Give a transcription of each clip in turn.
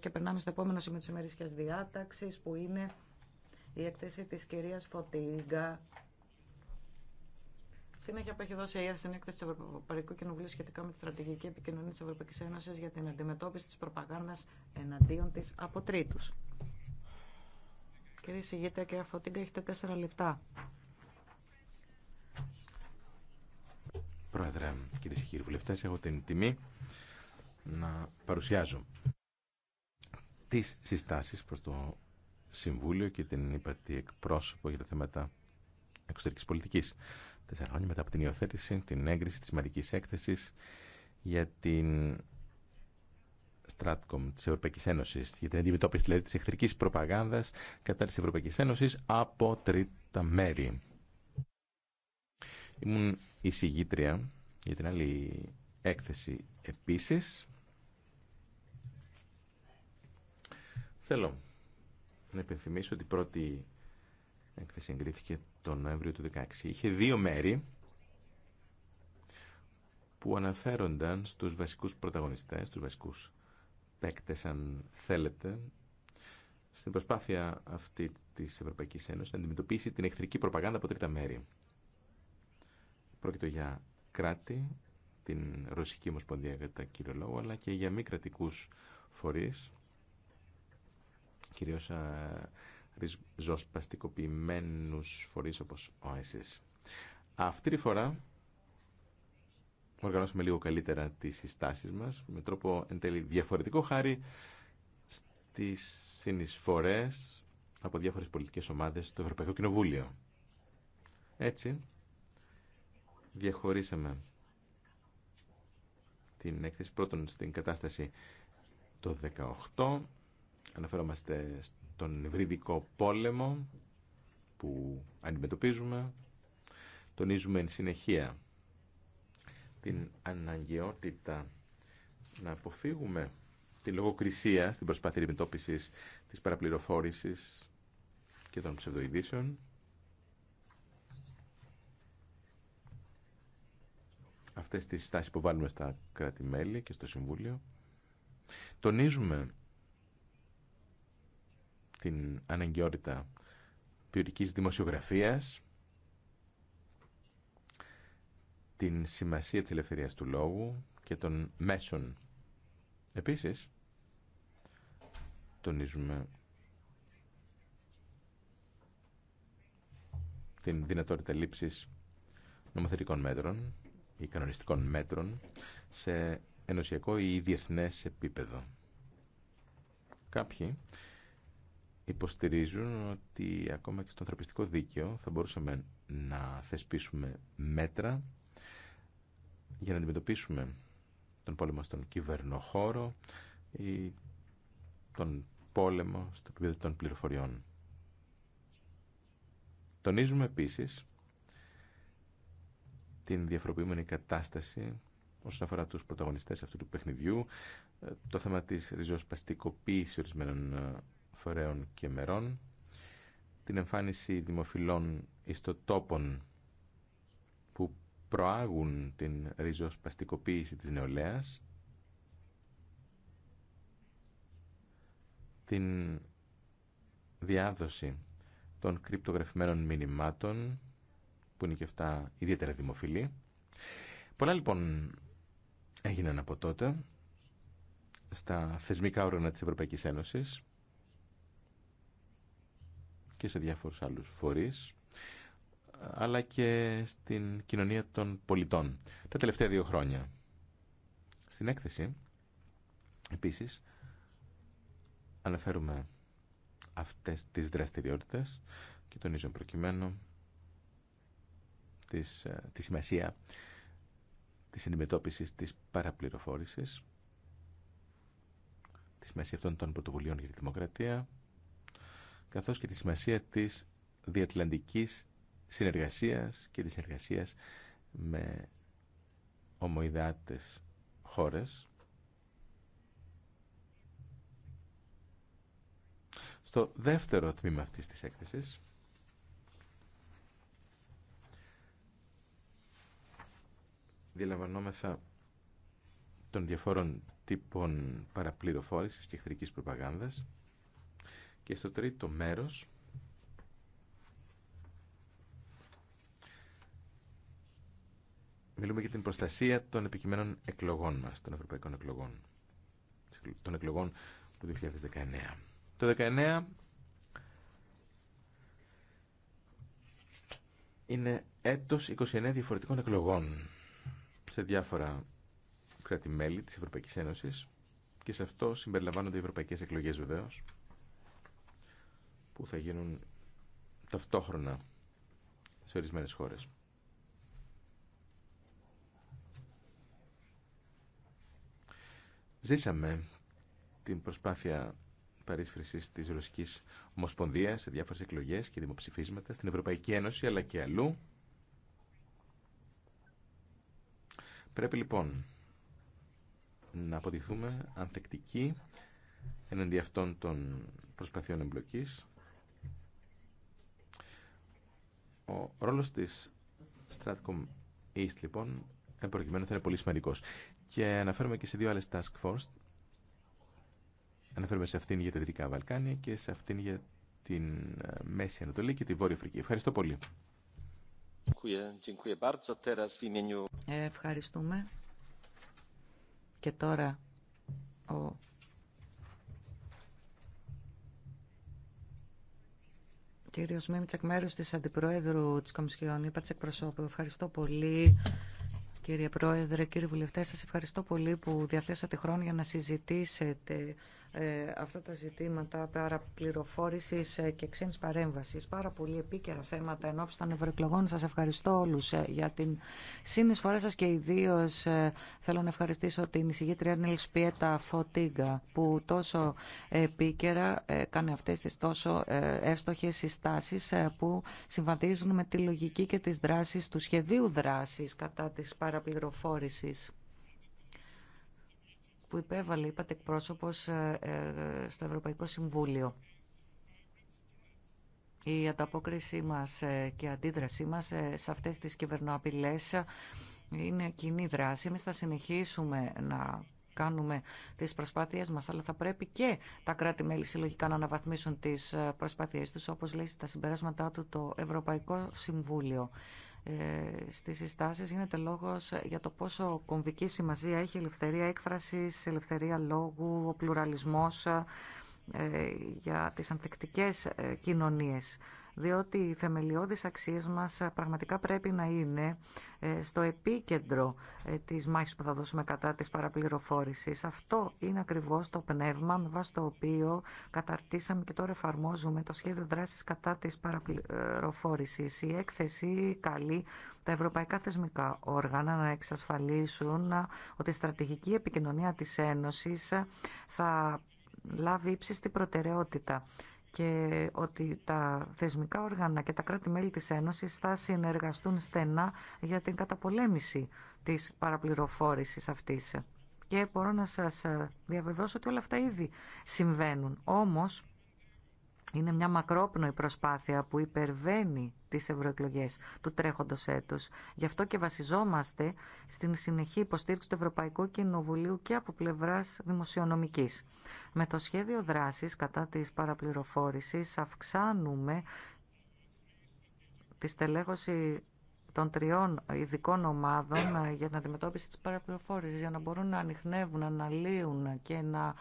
και περνάμε στο επόμενο σημείο τη ημερήσια διάταξη που είναι η έκθεση τη κυρία Φωτίγκα. Συνέχεια που έχει δώσει η ΕΕ στην έκθεση του Ευρωπαϊκού Κοινοβουλίου σχετικά με τη στρατηγική επικοινωνία τη Ευρωπαϊκή Ένωση για την αντιμετώπιση τη προπαγάνδα εναντίον τη από τρίτου. Κύριε Σιγητέ, κύριε Φωτίγκα, έχετε τέσσερα λεπτά. Πρόεδρε, κυρίε και κύριοι βουλευτέ, έχω την τιμή να παρουσιάζω τις συστάσεις προς το Συμβούλιο και την ύπατη εκπρόσωπο για τα θέματα εξωτερικής πολιτικής. Τέσσερα χρόνια μετά από την υιοθέτηση, την έγκριση της μαρικής έκθεσης για την Stratcom της Ευρωπαϊκής Ένωσης, για την αντιμετώπιση δηλαδή της εχθρικής προπαγάνδας κατά της Ευρωπαϊκής Ένωσης από τρίτα μέρη. Ήμουν εισηγήτρια για την άλλη έκθεση επίσης Θέλω να υπενθυμίσω ότι η πρώτη έκθεση εγκρίθηκε τον Νοέμβριο του 2016. Είχε δύο μέρη που αναφέρονταν στους βασικούς πρωταγωνιστές, στους βασικούς παίκτες αν θέλετε, στην προσπάθεια αυτή της Ευρωπαϊκής Ένωσης να αντιμετωπίσει την εχθρική προπαγάνδα από τρίτα μέρη. Πρόκειται για κράτη, την Ρωσική Ομοσπονδία κατά κύριο λόγο, αλλά και για μη κρατικού φορείς κυρίως ε, ριζοσπαστικοποιημένους φορείς όπως ο ISIS. Αυτή τη φορά οργανώσαμε λίγο καλύτερα τις συστάσεις μας με τρόπο εν τέλει διαφορετικό χάρη στις συνεισφορές από διάφορες πολιτικές ομάδες στο Ευρωπαϊκό Κοινοβούλιο. Έτσι, διαχωρίσαμε την έκθεση πρώτον στην κατάσταση το 18 Αναφερόμαστε στον ευρύδικο πόλεμο που αντιμετωπίζουμε. Τονίζουμε εν συνεχεία την αναγκαιότητα να αποφύγουμε τη λογοκρισία στην προσπάθεια αντιμετώπιση της παραπληροφόρησης και των ψευδοειδήσεων. Αυτές τις στάσεις που βάλουμε στα κράτη-μέλη και στο Συμβούλιο. Τονίζουμε την αναγκαιότητα ποιοτική δημοσιογραφίας, την σημασία της ελευθερίας του λόγου και των μέσων. Επίσης, τονίζουμε την δυνατότητα λήψης νομοθετικών μέτρων ή κανονιστικών μέτρων σε ενωσιακό ή διεθνές επίπεδο. Κάποιοι υποστηρίζουν ότι ακόμα και στο ανθρωπιστικό δίκαιο θα μπορούσαμε να θεσπίσουμε μέτρα για να αντιμετωπίσουμε τον πόλεμο στον κυβερνοχώρο ή τον πόλεμο στο επίπεδο των πληροφοριών. Τονίζουμε επίσης την διαφοροποιούμενη κατάσταση όσον αφορά τους πρωταγωνιστές αυτού του παιχνιδιού, το θέμα της ριζοσπαστικοποίησης ορισμένων ε, φορέων και μερών, την εμφάνιση δημοφιλών ιστοτόπων που προάγουν την ριζοσπαστικοποίηση της νεολαίας, την διάδοση των κρυπτογραφημένων μηνυμάτων, που είναι και αυτά ιδιαίτερα δημοφιλή. Πολλά λοιπόν έγιναν από τότε στα θεσμικά όργανα της Ευρωπαϊκής Ένωσης, και σε διάφορους άλλους φορείς αλλά και στην κοινωνία των πολιτών τα τελευταία δύο χρόνια. Στην έκθεση επίσης αναφέρουμε αυτές τις δραστηριότητες και τονίζω προκειμένου της, ε, τη σημασία της αντιμετώπισης της παραπληροφόρησης τη σημασία αυτών των πρωτοβουλίων για τη δημοκρατία καθώς και τη σημασία της διατλαντικής συνεργασίας και της συνεργασίας με ομοειδάτες χώρες. Στο δεύτερο τμήμα αυτής της έκθεσης διαλαμβανόμεθα των διαφόρων τύπων παραπληροφόρησης και εχθρικής προπαγάνδας και στο τρίτο μέρος μιλούμε για την προστασία των επικειμένων εκλογών μας, των ευρωπαϊκών εκλογών, των εκλογών του 2019. Το 2019 είναι έτος 29 διαφορετικών εκλογών σε διάφορα κράτη-μέλη της Ευρωπαϊκής Ένωσης και σε αυτό συμπεριλαμβάνονται οι ευρωπαϊκές εκλογές βεβαίως που θα γίνουν ταυτόχρονα σε ορισμένες χώρες. Ζήσαμε την προσπάθεια παρίσφρησης της Ρωσικής Ομοσπονδίας σε διάφορες εκλογές και δημοψηφίσματα στην Ευρωπαϊκή Ένωση αλλά και αλλού. Πρέπει λοιπόν να αποδειχθούμε ανθεκτικοί εναντί αυτών των προσπαθειών εμπλοκής Ο ρόλος της Stratcom East λοιπόν προκειμένου θα είναι πολύ σημαντικός. Και αναφέρουμε και σε δύο άλλες task force. Αναφέρουμε σε αυτήν για τα Δυτικά Βαλκάνια και σε αυτήν για την ε, Μέση Ανατολή και τη Βόρεια Αφρική. Ευχαριστώ πολύ. Ευχαριστούμε. Και τώρα ο Κύριος Μίμητσακ, μέρος της Αντιπρόεδρου της Κομισιόν, είπα της εκπροσώπου. Ευχαριστώ πολύ. Κύριε Πρόεδρε, κύριε Βουλευτέ, σας ευχαριστώ πολύ που διαθέσατε χρόνο για να συζητήσετε ε, αυτά τα ζητήματα παραπληροφόρηση ε, και ξένη παρέμβαση. Πάρα πολύ επίκαιρα θέματα εν ώψη των ευρωεκλογών. Σα ευχαριστώ όλου ε, για την συνεισφορά σα και ιδίω θέλω να ευχαριστήσω την εισηγήτρια Νίλ Σπιέτα Φωτίγκα που τόσο επίκαιρα κάνει αυτέ τι τόσο εύστοχε συστάσει που συμβαδίζουν με τη λογική και τι δράσει του σχεδίου δράση κατά τη παραπληροφόρηση που υπέβαλε, είπατε, εκπρόσωπος ε, ε, στο Ευρωπαϊκό Συμβούλιο. Η ανταπόκρισή μας ε, και η αντίδρασή μας σε αυτές τις κυβερνοαπειλές είναι κοινή δράση. Εμείς θα συνεχίσουμε να κάνουμε τις προσπάθειές μας, αλλά θα πρέπει και τα κράτη-μέλη συλλογικά να αναβαθμίσουν τις προσπάθειές τους, όπως λέει στα συμπεράσματά του το Ευρωπαϊκό Συμβούλιο. Ε, στις συστάσεις γίνεται λόγος για το πόσο κομβική σημασία έχει η ελευθερία έκφρασης, ελευθερία λόγου, ο πλουραλισμός ε, για τις ανθεκτικές ε, κοινωνίες διότι οι θεμελιώδεις αξίες μας πραγματικά πρέπει να είναι ε, στο επίκεντρο ε, της μάχης που θα δώσουμε κατά της παραπληροφόρησης. Αυτό είναι ακριβώς το πνεύμα με βάση το οποίο καταρτήσαμε και τώρα εφαρμόζουμε το σχέδιο δράσης κατά της παραπληροφόρησης. Η έκθεση καλεί τα ευρωπαϊκά θεσμικά όργανα να εξασφαλίσουν ότι η στρατηγική επικοινωνία της Ένωσης θα λάβει ύψιστη προτεραιότητα και ότι τα θεσμικά όργανα και τα κράτη-μέλη της Ένωσης θα συνεργαστούν στενά για την καταπολέμηση της παραπληροφόρησης αυτής. Και μπορώ να σας ε, διαβεβαιώσω ότι όλα αυτά ήδη συμβαίνουν. Όμως, είναι μια μακρόπνοη προσπάθεια που υπερβαίνει τις ευρωεκλογέ του τρέχοντος έτους. Γι' αυτό και βασιζόμαστε στην συνεχή υποστήριξη του Ευρωπαϊκού Κοινοβουλίου και από πλευράς δημοσιονομικής. Με το σχέδιο δράσης κατά της παραπληροφόρησης αυξάνουμε τη στελέχωση των τριών ειδικών ομάδων ε, για την αντιμετώπιση της παραπληροφόρησης, για να μπορούν να ανοιχνεύουν, να αναλύουν και να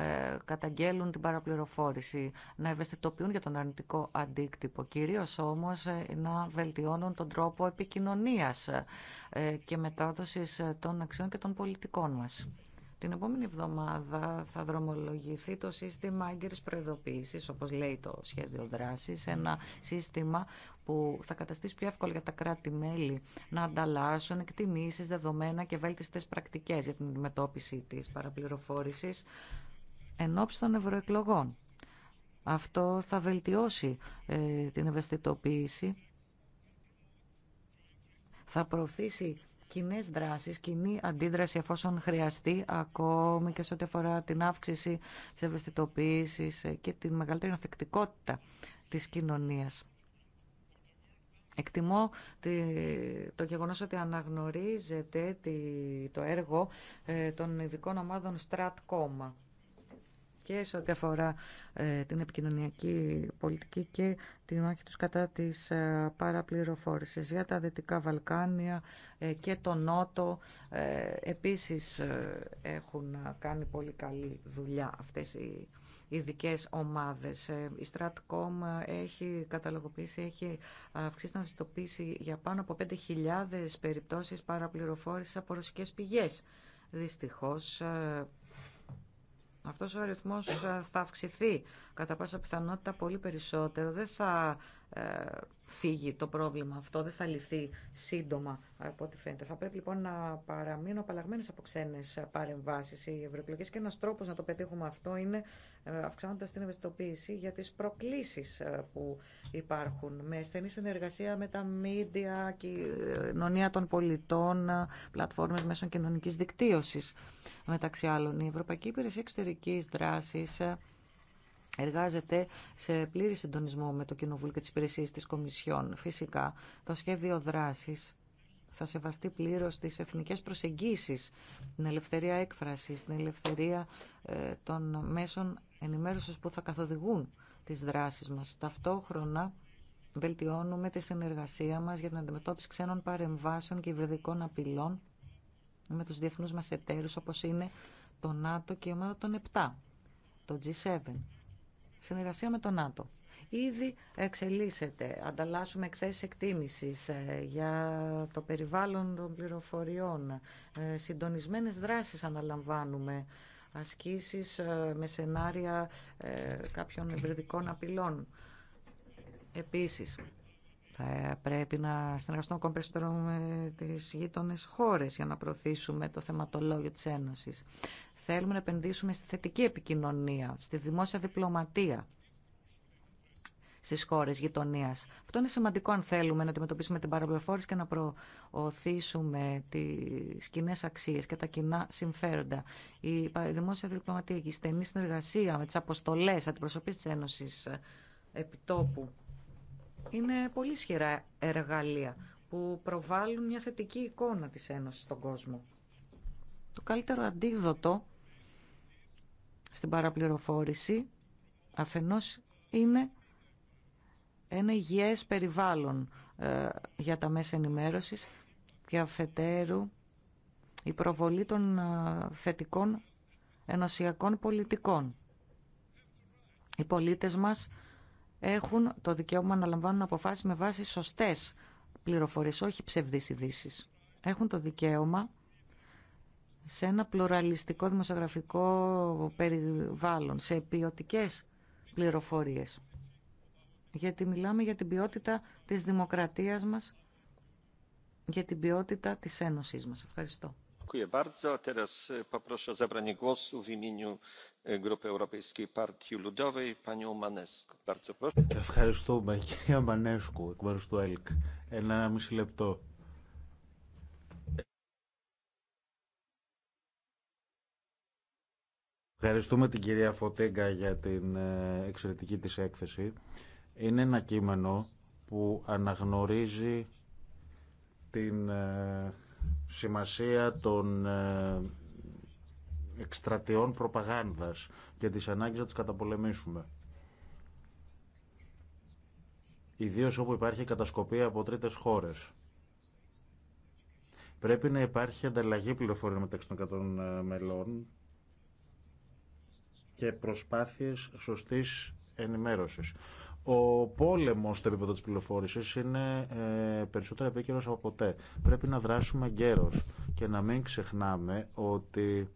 ε, καταγγέλουν την παραπληροφόρηση, να ευαισθητοποιούν για τον αρνητικό αντίκτυπο, κυρίως όμως ε, να βελτιώνουν τον τρόπο επικοινωνίας και μετάδοσης των αξιών και των πολιτικών μας. Την επόμενη εβδομάδα θα δρομολογηθεί το σύστημα έγκαιρης προειδοποίησης, όπως λέει το σχέδιο δράσης, ένα σύστημα που θα καταστήσει πιο εύκολο για τα κράτη-μέλη να ανταλλάσσουν εκτιμήσεις, δεδομένα και βέλτιστες πρακτικές για την αντιμετώπιση της παραπληροφόρησης εν των ευρωεκλογών. Αυτό θα βελτιώσει ε, την ευαισθητοποίηση, θα προωθήσει κοινέ δράσει, κοινή αντίδραση εφόσον χρειαστεί, ακόμη και σε ό,τι αφορά την αύξηση τη ευαισθητοποίηση και την μεγαλύτερη ανθεκτικότητα τη κοινωνία. Εκτιμώ το γεγονός ότι αναγνωρίζεται το έργο ε, των ειδικών ομάδων Stratcom και σε ό,τι αφορά ε, την επικοινωνιακή πολιτική και τη μάχη τους κατά της ε, παραπληροφόρησης για τα Δυτικά Βαλκάνια ε, και το Νότο επίσης έχουν κάνει πολύ καλή δουλειά αυτές οι ειδικέ ομάδες. Η Stratcom έχει καταλογοποιήσει, έχει αυξήσει να αυστοποιήσει για πάνω από 5.000 περιπτώσεις παραπληροφόρησης από ρωσικές πηγές. Δυστυχώς αυτός ο αριθμός ε, θα αυξηθεί κατά πάσα πιθανότητα πολύ περισσότερο. Δεν θα ε, φύγει το πρόβλημα αυτό, δεν θα λυθεί σύντομα από ό,τι φαίνεται. Θα πρέπει λοιπόν να παραμείνουν απαλλαγμένε από ξένε παρεμβάσει οι ευρωεκλογέ και ένα τρόπο να το πετύχουμε αυτό είναι ε, αυξάνοντα την ευαισθητοποίηση για τι προκλήσει ε, που υπάρχουν με στενή συνεργασία με τα μίντια, κοινωνία των πολιτών, πλατφόρμε μέσων κοινωνική δικτύωση μεταξύ άλλων. Η Ευρωπαϊκή Υπηρεσία Εξωτερική Δράση εργάζεται σε πλήρη συντονισμό με το Κοινοβούλιο και τις υπηρεσίες της Κομισιόν. Φυσικά, το σχέδιο δράσης θα σεβαστεί πλήρως τις εθνικές προσεγγίσεις, την ελευθερία έκφρασης, την ελευθερία ε, των μέσων ενημέρωσης που θα καθοδηγούν τις δράσεις μας. Ταυτόχρονα, βελτιώνουμε τη συνεργασία μας για την αντιμετώπιση ξένων παρεμβάσεων και υβριδικών απειλών με τους διεθνούς μας εταίρους όπως είναι το ΝΑΤΟ και η ομάδα των 7, το G7. Συνεργασία με τον ΝΑΤΟ. Ήδη εξελίσσεται. Ανταλλάσσουμε εκθέσει εκτίμησης ε, για το περιβάλλον των πληροφοριών. Ε, συντονισμένες δράσεις αναλαμβάνουμε. Ασκήσεις ε, με σενάρια κάποιων ευρυδικών απειλών. Επίσης, θα πρέπει να συνεργαστούμε ακόμα περισσότερο με τι γείτονε χώρε για να προωθήσουμε το θεματολόγιο τη Ένωση. Θέλουμε να επενδύσουμε στη θετική επικοινωνία, στη δημόσια διπλωματία στι χώρε γειτονία. Αυτό είναι σημαντικό αν θέλουμε να αντιμετωπίσουμε την παραπληροφόρηση και να προωθήσουμε τι κοινέ αξίε και τα κοινά συμφέροντα. Η δημόσια διπλωματία και η στενή συνεργασία με τι αποστολέ αντιπροσωπή της Ένωση ε, επιτόπου είναι πολύ ισχυρά εργαλεία που προβάλλουν μια θετική εικόνα της Ένωσης στον κόσμο. Το καλύτερο αντίδοτο στην παραπληροφόρηση αφενός είναι ένα υγιές περιβάλλον ε, για τα μέσα ενημέρωσης και αφετέρου η προβολή των ε, θετικών ενωσιακών πολιτικών. Οι πολίτες μας έχουν το δικαίωμα να λαμβάνουν αποφάσεις με βάση σωστές πληροφορίες, όχι ψευδείς ειδήσει. Έχουν το δικαίωμα σε ένα πλουραλιστικό δημοσιογραφικό περιβάλλον, σε ποιοτικέ πληροφορίες. Γιατί μιλάμε για την ποιότητα της δημοκρατίας μας, για την ποιότητα της Ένωσής μας. Ευχαριστώ. E, e, Ευχαριστούμε, Ευχαριστούμε την κυρία Φωτέγκα για την ε, εξαιρετική της έκθεση. Είναι ένα κείμενο που αναγνωρίζει την ε, σημασία των ε, εκστρατιών προπαγάνδας και της ανάγκες να τις καταπολεμήσουμε. Ιδίω όπου υπάρχει κατασκοπία από τρίτες χώρες. Πρέπει να υπάρχει ανταλλαγή πληροφοριών μεταξύ των 100 ε, μελών και προσπάθειες σωστής ενημέρωσης. Ο πόλεμο στο επίπεδο τη πληροφόρηση είναι ε, περισσότερο επίκαιρο από ποτέ. Πρέπει να δράσουμε γέρο και να μην ξεχνάμε ότι.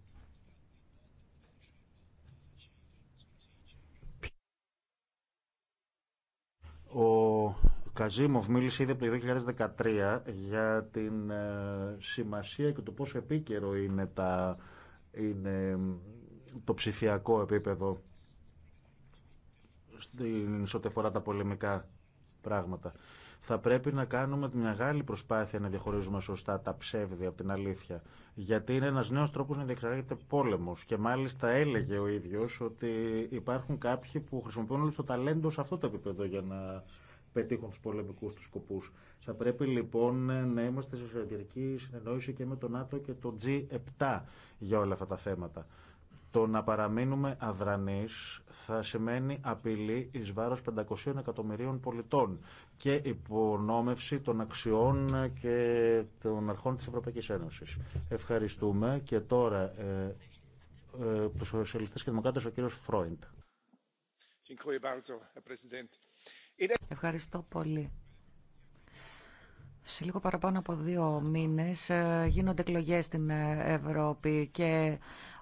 Ο Καζίμοφ μίλησε ήδη από το 2013 για την ε, σημασία και το πόσο επίκαιρο είναι, είναι το ψηφιακό επίπεδο στην σε ό,τι τα πολεμικά πράγματα. Θα πρέπει να κάνουμε μια μεγάλη προσπάθεια να διαχωρίζουμε σωστά τα ψεύδια από την αλήθεια. Γιατί είναι ένα νέο τρόπο να διεξάγεται πόλεμο. Και μάλιστα έλεγε ο ίδιο ότι υπάρχουν κάποιοι που χρησιμοποιούν όλο το ταλέντο σε αυτό το επίπεδο για να πετύχουν του πολεμικού του σκοπού. Θα πρέπει λοιπόν να είμαστε σε φροντιακή συνεννόηση και με τον ΝΑΤΟ και το G7 για όλα αυτά τα θέματα. Το να παραμείνουμε αδρανείς θα σημαίνει απειλή εις βάρος 500 εκατομμυρίων πολιτών και υπονόμευση των αξιών και των αρχών της Ευρωπαϊκής Ένωσης. Ευχαριστούμε και τώρα ε, ε, τους σοσιαλιστές και δημοκράτες ο κύριος Φρόιντ. Ευχαριστώ πολύ. Σε λίγο παραπάνω από δύο μήνες ε, γίνονται εκλογές στην Ευρώπη και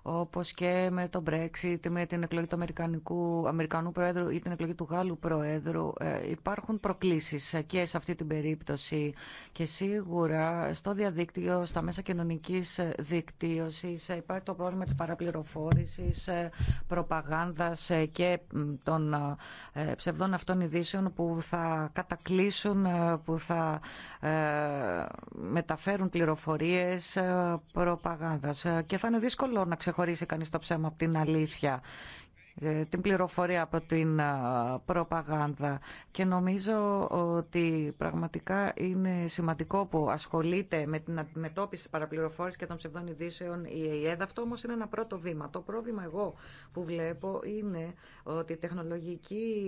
όπως και με το Brexit, με την εκλογή του Αμερικανικού, Αμερικανού Προέδρου ή την εκλογή του Γάλλου Προέδρου, ε, υπάρχουν προκλήσεις και σε αυτή την περίπτωση και σίγουρα στο διαδίκτυο, στα μέσα κοινωνικής δικτύωσης ε, υπάρχει το πρόβλημα της παραπληροφόρησης, ε, προπαγάνδας και των ψευδών αυτών ειδήσεων που θα κατακλείσουν, που θα μεταφέρουν πληροφορίες προπαγάνδας και θα είναι δύσκολο να ξεχωρίσουμε ξεχωρίσει κανείς το ψέμα από την αλήθεια ε, την πληροφορία από την ε, προπαγάνδα και νομίζω ότι πραγματικά είναι σημαντικό που ασχολείται με την αντιμετώπιση παραπληροφόρηση και των ψευδών ειδήσεων η ΕΕΔ. Αυτό όμως είναι ένα πρώτο βήμα. Το πρόβλημα εγώ που βλέπω είναι ότι η τεχνολογική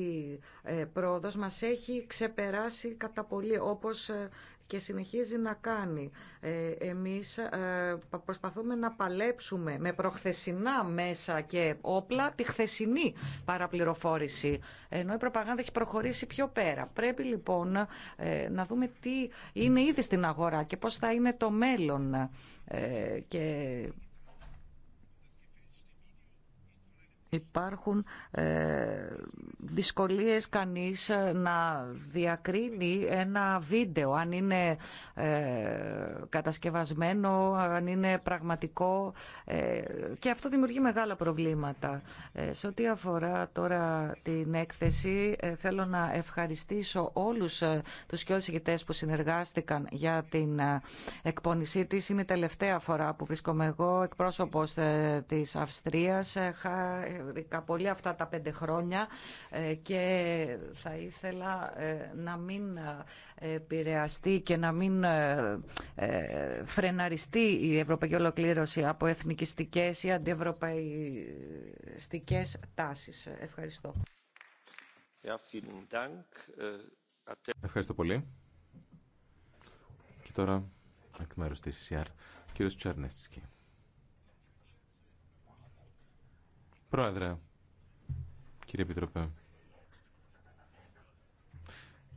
ε, πρόοδος μας έχει ξεπεράσει κατά πολύ όπως και συνεχίζει να κάνει. Ε, εμείς ε, προσπαθούμε να παλέψουμε με προχθεσινά μέσα και όπλα τη χθεσινή παραπληροφόρηση, ενώ η προπαγάνδα έχει προχωρήσει πιο πέρα. Πρέπει λοιπόν ε, να δούμε τι είναι ήδη στην αγορά και πώς θα είναι το μέλλον και υπάρχουν ε, δυσκολίες κανείς ε, να διακρίνει ένα βίντεο αν είναι ε, κατασκευασμένο, αν είναι πραγματικό ε, και αυτό δημιουργεί μεγάλα προβλήματα. Σε ό,τι αφορά τώρα την έκθεση θέλω να ευχαριστήσω όλους τους και που συνεργάστηκαν για την εκπονησή της. Είναι η τελευταία φορά που βρίσκομαι εγώ εκπρόσωπος της Αυστρίας Βρήκα πολύ αυτά τα πέντε χρόνια ε, και θα ήθελα ε, να μην ε, επηρεαστεί και να μην φρεναριστεί η ευρωπαϊκή ολοκλήρωση από εθνικιστικές ή αντιευρωπαϊστικές τάσεις. Ευχαριστώ. Äh, Ευχαριστώ πολύ. Και τώρα, εκ μέρους της ΕΣΥΑΡ, κύριος Πρόεδρε, κύριε Επιτροπέ,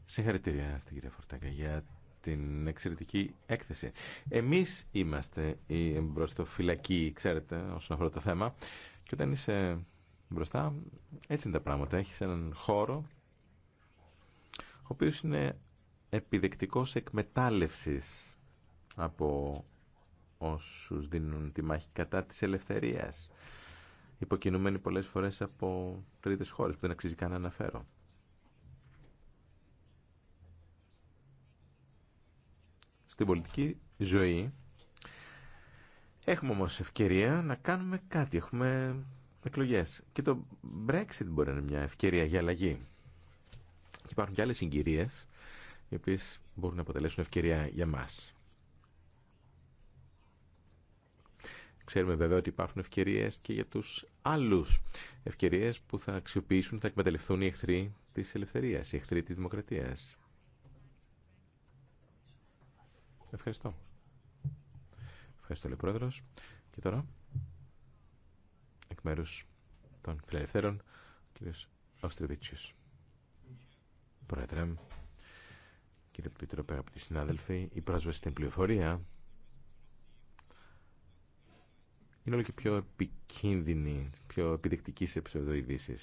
συγχαρητήρια στην κυρία Φορτάκα για την εξαιρετική έκθεση. Εμείς είμαστε οι φυλακή, ξέρετε, όσον αφορά το θέμα. Και όταν είσαι μπροστά, έτσι είναι τα πράγματα. Έχεις έναν χώρο, ο οποίος είναι επιδεκτικός εκμετάλλευσης από όσους δίνουν τη μάχη κατά της ελευθερίας υποκινούμενοι πολλές φορές από τρίτες χώρες που δεν αξίζει καν να αναφέρω. Στην πολιτική ζωή έχουμε όμως ευκαιρία να κάνουμε κάτι. Έχουμε εκλογές. Και το Brexit μπορεί να είναι μια ευκαιρία για αλλαγή. Και υπάρχουν και άλλες συγκυρίες οι οποίες μπορούν να αποτελέσουν ευκαιρία για μας. Ξέρουμε βέβαια ότι υπάρχουν ευκαιρίε και για του άλλου. Ευκαιρίε που θα αξιοποιήσουν, θα εκμεταλλευτούν οι εχθροί τη ελευθερία, οι εχθροί τη δημοκρατία. Ευχαριστώ. Ευχαριστώ, λέει πρόεδρο. Και τώρα, εκ μέρου των φιλελευθέρων, ο κ. Αυστρεβίτσιο. Πρόεδρε, κύριε Επίτροπε, αγαπητοί συνάδελφοι, η πρόσβαση στην πληροφορία είναι όλο και πιο επικίνδυνη, πιο επιδεκτική σε ψευδοειδήσει.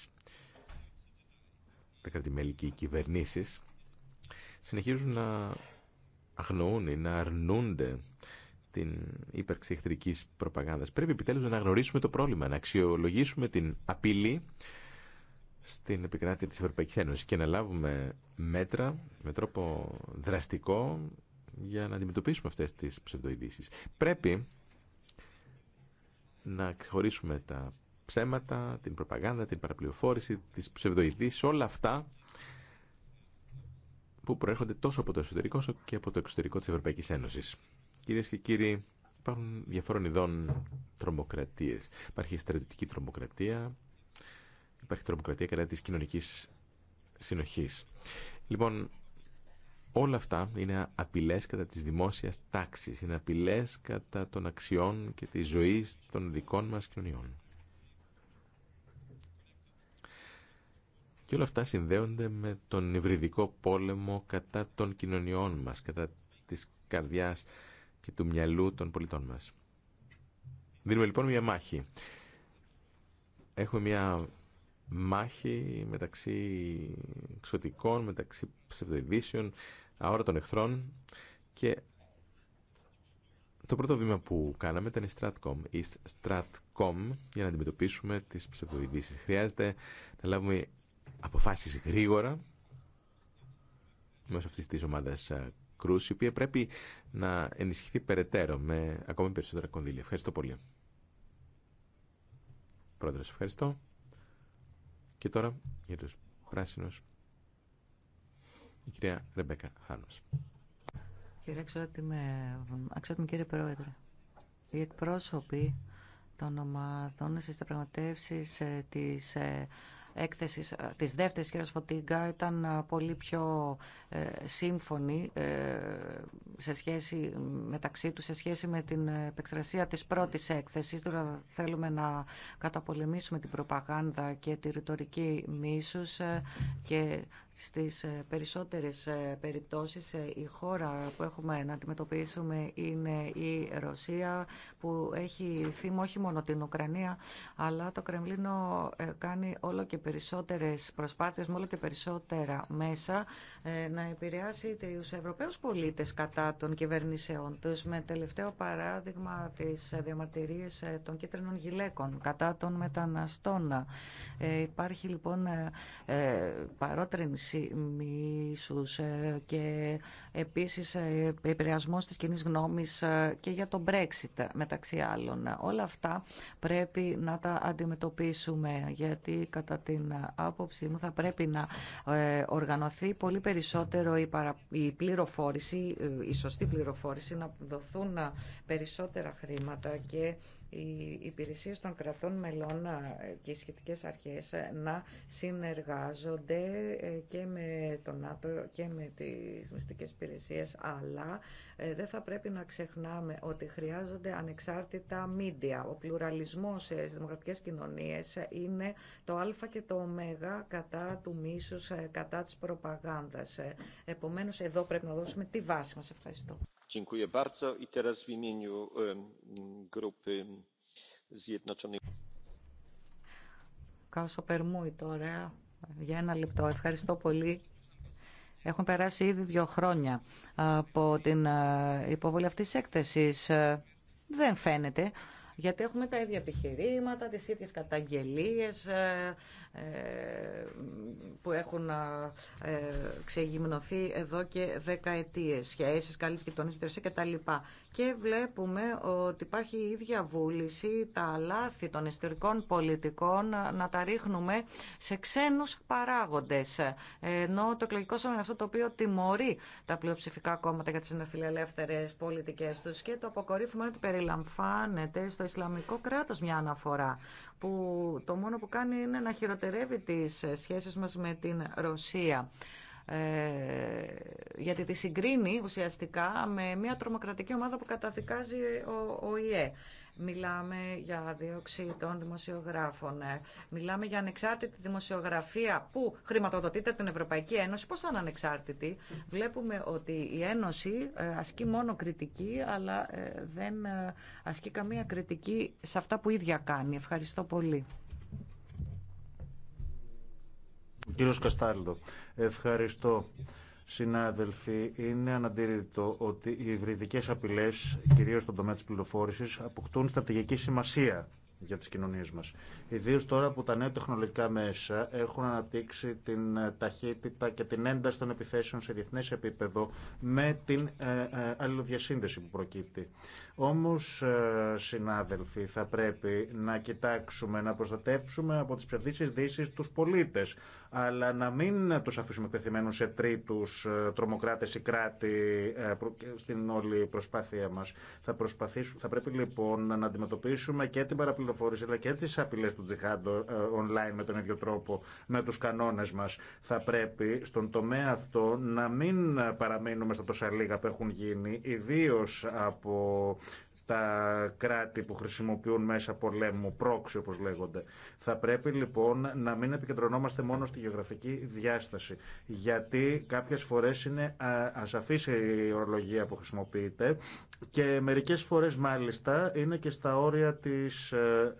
Τα κρατημέλικοι κυβερνήσει, συνεχίζουν να αγνοούν ή να αρνούνται την ύπαρξη εχθρική προπαγάνδα. Πρέπει επιτέλου να αναγνωρίσουμε το πρόβλημα, να αξιολογήσουμε την απειλή στην επικράτεια της Ευρωπαϊκή Ένωση και να λάβουμε μέτρα με τρόπο δραστικό για να αντιμετωπίσουμε αυτές τις ψευδοειδήσεις. Πρέπει να ξεχωρίσουμε τα ψέματα, την προπαγάνδα, την παραπληροφόρηση, τις ψευδοειδήσεις, όλα αυτά που προέρχονται τόσο από το εσωτερικό όσο και από το εξωτερικό της Ευρωπαϊκής Ένωσης. Κυρίες και κύριοι, υπάρχουν διαφόρων ειδών τρομοκρατίες. Υπάρχει στρατιωτική τρομοκρατία, υπάρχει τρομοκρατία κατά της κοινωνικής συνοχής. Λοιπόν, Όλα αυτά είναι απειλέ κατά τη δημόσια τάξη. είναι απειλέ κατά των αξιών και τη ζωής των δικών μας κοινωνιών. Και όλα αυτά συνδέονται με τον υβριδικό πόλεμο κατά των κοινωνιών μας, κατά της καρδιάς και του μυαλού των πολιτών μας. Δίνουμε λοιπόν μια μάχη. Έχουμε μια μάχη μεταξύ εξωτικών, μεταξύ ψευδοειδήσεων, αόρατων εχθρών και το πρώτο βήμα που κάναμε ήταν η Stratcom, η Stratcom για να αντιμετωπίσουμε τις ψευδοειδήσεις. Χρειάζεται να λάβουμε αποφάσεις γρήγορα μέσω αυτής της ομάδας Cruise, ε, η οποία πρέπει να ενισχυθεί περαιτέρω με ακόμη περισσότερα κονδύλια. Ευχαριστώ πολύ. Πρόεδρος, ευχαριστώ. Και τώρα για τους πράσινους η κυρία Ρεμπέκα Χάνος. Κύριε Αξιότιμε, αξιότιμη κύριε Πρόεδρε, οι εκπρόσωποι των ομάδων στις διαπραγματεύσεις ε, της ε, έκθεσης ε, της δεύτερης κύρια ήταν ε, πολύ πιο ε, σύμφωνη σε σχέση μεταξύ του σε σχέση με την επεξεργασία της πρώτης έκθεσης. Τώρα θέλουμε να καταπολεμήσουμε την προπαγάνδα και τη ρητορική μίσους και στις περισσότερες περιπτώσεις η χώρα που έχουμε να αντιμετωπίσουμε είναι η Ρωσία που έχει θύμα όχι μόνο την Ουκρανία αλλά το Κρεμλίνο κάνει όλο και και περισσότερες προσπάθειες με και περισσότερα μέσα ε, να επηρεάσει τους Ευρωπαίους πολίτες κατά των κυβερνήσεών τους με τελευταίο παράδειγμα τις διαμαρτυρίες ε, των κίτρινων γυλαίκων κατά των μεταναστών. Ε, υπάρχει λοιπόν παρότρινση μίσους και επίσης επηρεασμός της κοινή γνώμης και για το Brexit μεταξύ άλλων. Όλα αυτά πρέπει να τα αντιμετωπίσουμε γιατί κατά την άποψή μου θα πρέπει να ε, οργανωθεί πολύ περισσότερο η πληροφόρηση, ε, η σωστή πληροφόρηση, να δοθούν ε, περισσότερα χρήματα και οι υπηρεσίες των κρατών μελών ε, και οι σχετικές αρχές ε, να συνεργάζονται ε, και με το ΝΑΤΟ και με τις μυστικές υπηρεσίες, αλλά δεν θα πρέπει να ξεχνάμε ότι χρειάζονται ανεξάρτητα μίντια. Ο πλουραλισμός στις δημοκρατικές κοινωνίες είναι το α και το ω κατά του μίσους, κατά της προπαγάνδας. Επομένως, εδώ πρέπει να δώσουμε τη βάση μας. Ευχαριστώ. Κάσο περμού τώρα, για ένα λεπτό. Ευχαριστώ πολύ. Έχουν περάσει ήδη δύο χρόνια από την ε, υποβολή αυτής της έκθεσης. Ε, δεν φαίνεται γιατί έχουμε τα ίδια επιχειρήματα, τις ίδιες καταγγελίες ε, ε, που έχουν ε, ξεγυμνωθεί εδώ και δεκαετίες, σχέσεις καλής και και τα λοιπά. Και βλέπουμε ότι υπάρχει η ίδια βούληση τα λάθη των ιστορικών πολιτικών να τα ρίχνουμε σε ξένους παράγοντες. Ενώ το εκλογικό σώμα είναι αυτό το οποίο τιμωρεί τα πλειοψηφικά κόμματα για τις νεφιλελεύθερες πολιτικές τους και το αποκορύφουμε ότι περιλαμβάνεται στο Ισλαμικό κράτος μια αναφορά που το μόνο που κάνει είναι να χειροτερεύει τις ε, σχέσεις μας με την Ρωσία. Ε, γιατί τη συγκρίνει ουσιαστικά με μια τρομοκρατική ομάδα που καταδικάζει ο, ο ΙΕ. Μιλάμε για δίωξη των δημοσιογράφων. Ε. Μιλάμε για ανεξάρτητη δημοσιογραφία που χρηματοδοτείται από την Ευρωπαϊκή Ένωση. Πώς θα είναι ανεξάρτητη. Βλέπουμε ότι η Ένωση ε, ασκεί μόνο κριτική, αλλά ε, δεν ασκεί καμία κριτική σε αυτά που ίδια κάνει. Ευχαριστώ πολύ. Κύριος ευχαριστώ. Συνάδελφοι, είναι αναντήρητο ότι οι υβριδικές απειλές, κυρίως στον τομέα της πληροφόρησης, αποκτούν στρατηγική σημασία για τις κοινωνίες μας. Ιδίως τώρα που τα νέα τεχνολογικά μέσα έχουν αναπτύξει την ε, ταχύτητα και την ένταση των επιθέσεων σε διεθνές επίπεδο με την ε, ε, αλληλοδιασύνδεση που προκύπτει. Όμως, συνάδελφοι, θα πρέπει να κοιτάξουμε, να προστατεύσουμε από τις ψευδείς ειδήσει τους πολίτες, αλλά να μην τους αφήσουμε πεθυμένους σε τρίτους ε, τρομοκράτες ή κράτη ε, στην όλη προσπάθεια μας. Θα, προσπαθήσουμε, θα πρέπει λοιπόν να αντιμετωπίσουμε και την παραπληροφόρηση αλλά και τις απειλές του τζιχάντο ε, online με τον ίδιο τρόπο, με τους κανόνες μας. Θα πρέπει στον τομέα αυτό να μην παραμείνουμε στα τόσα λίγα που έχουν γίνει, ιδίω από τα κράτη που χρησιμοποιούν μέσα πολέμου, πρόξι όπως λέγονται. Θα πρέπει λοιπόν να μην επικεντρωνόμαστε μόνο στη γεωγραφική διάσταση, γιατί κάποιες φορές είναι ασαφής η ορολογία που χρησιμοποιείται και μερικές φορές μάλιστα είναι και στα όρια της ε,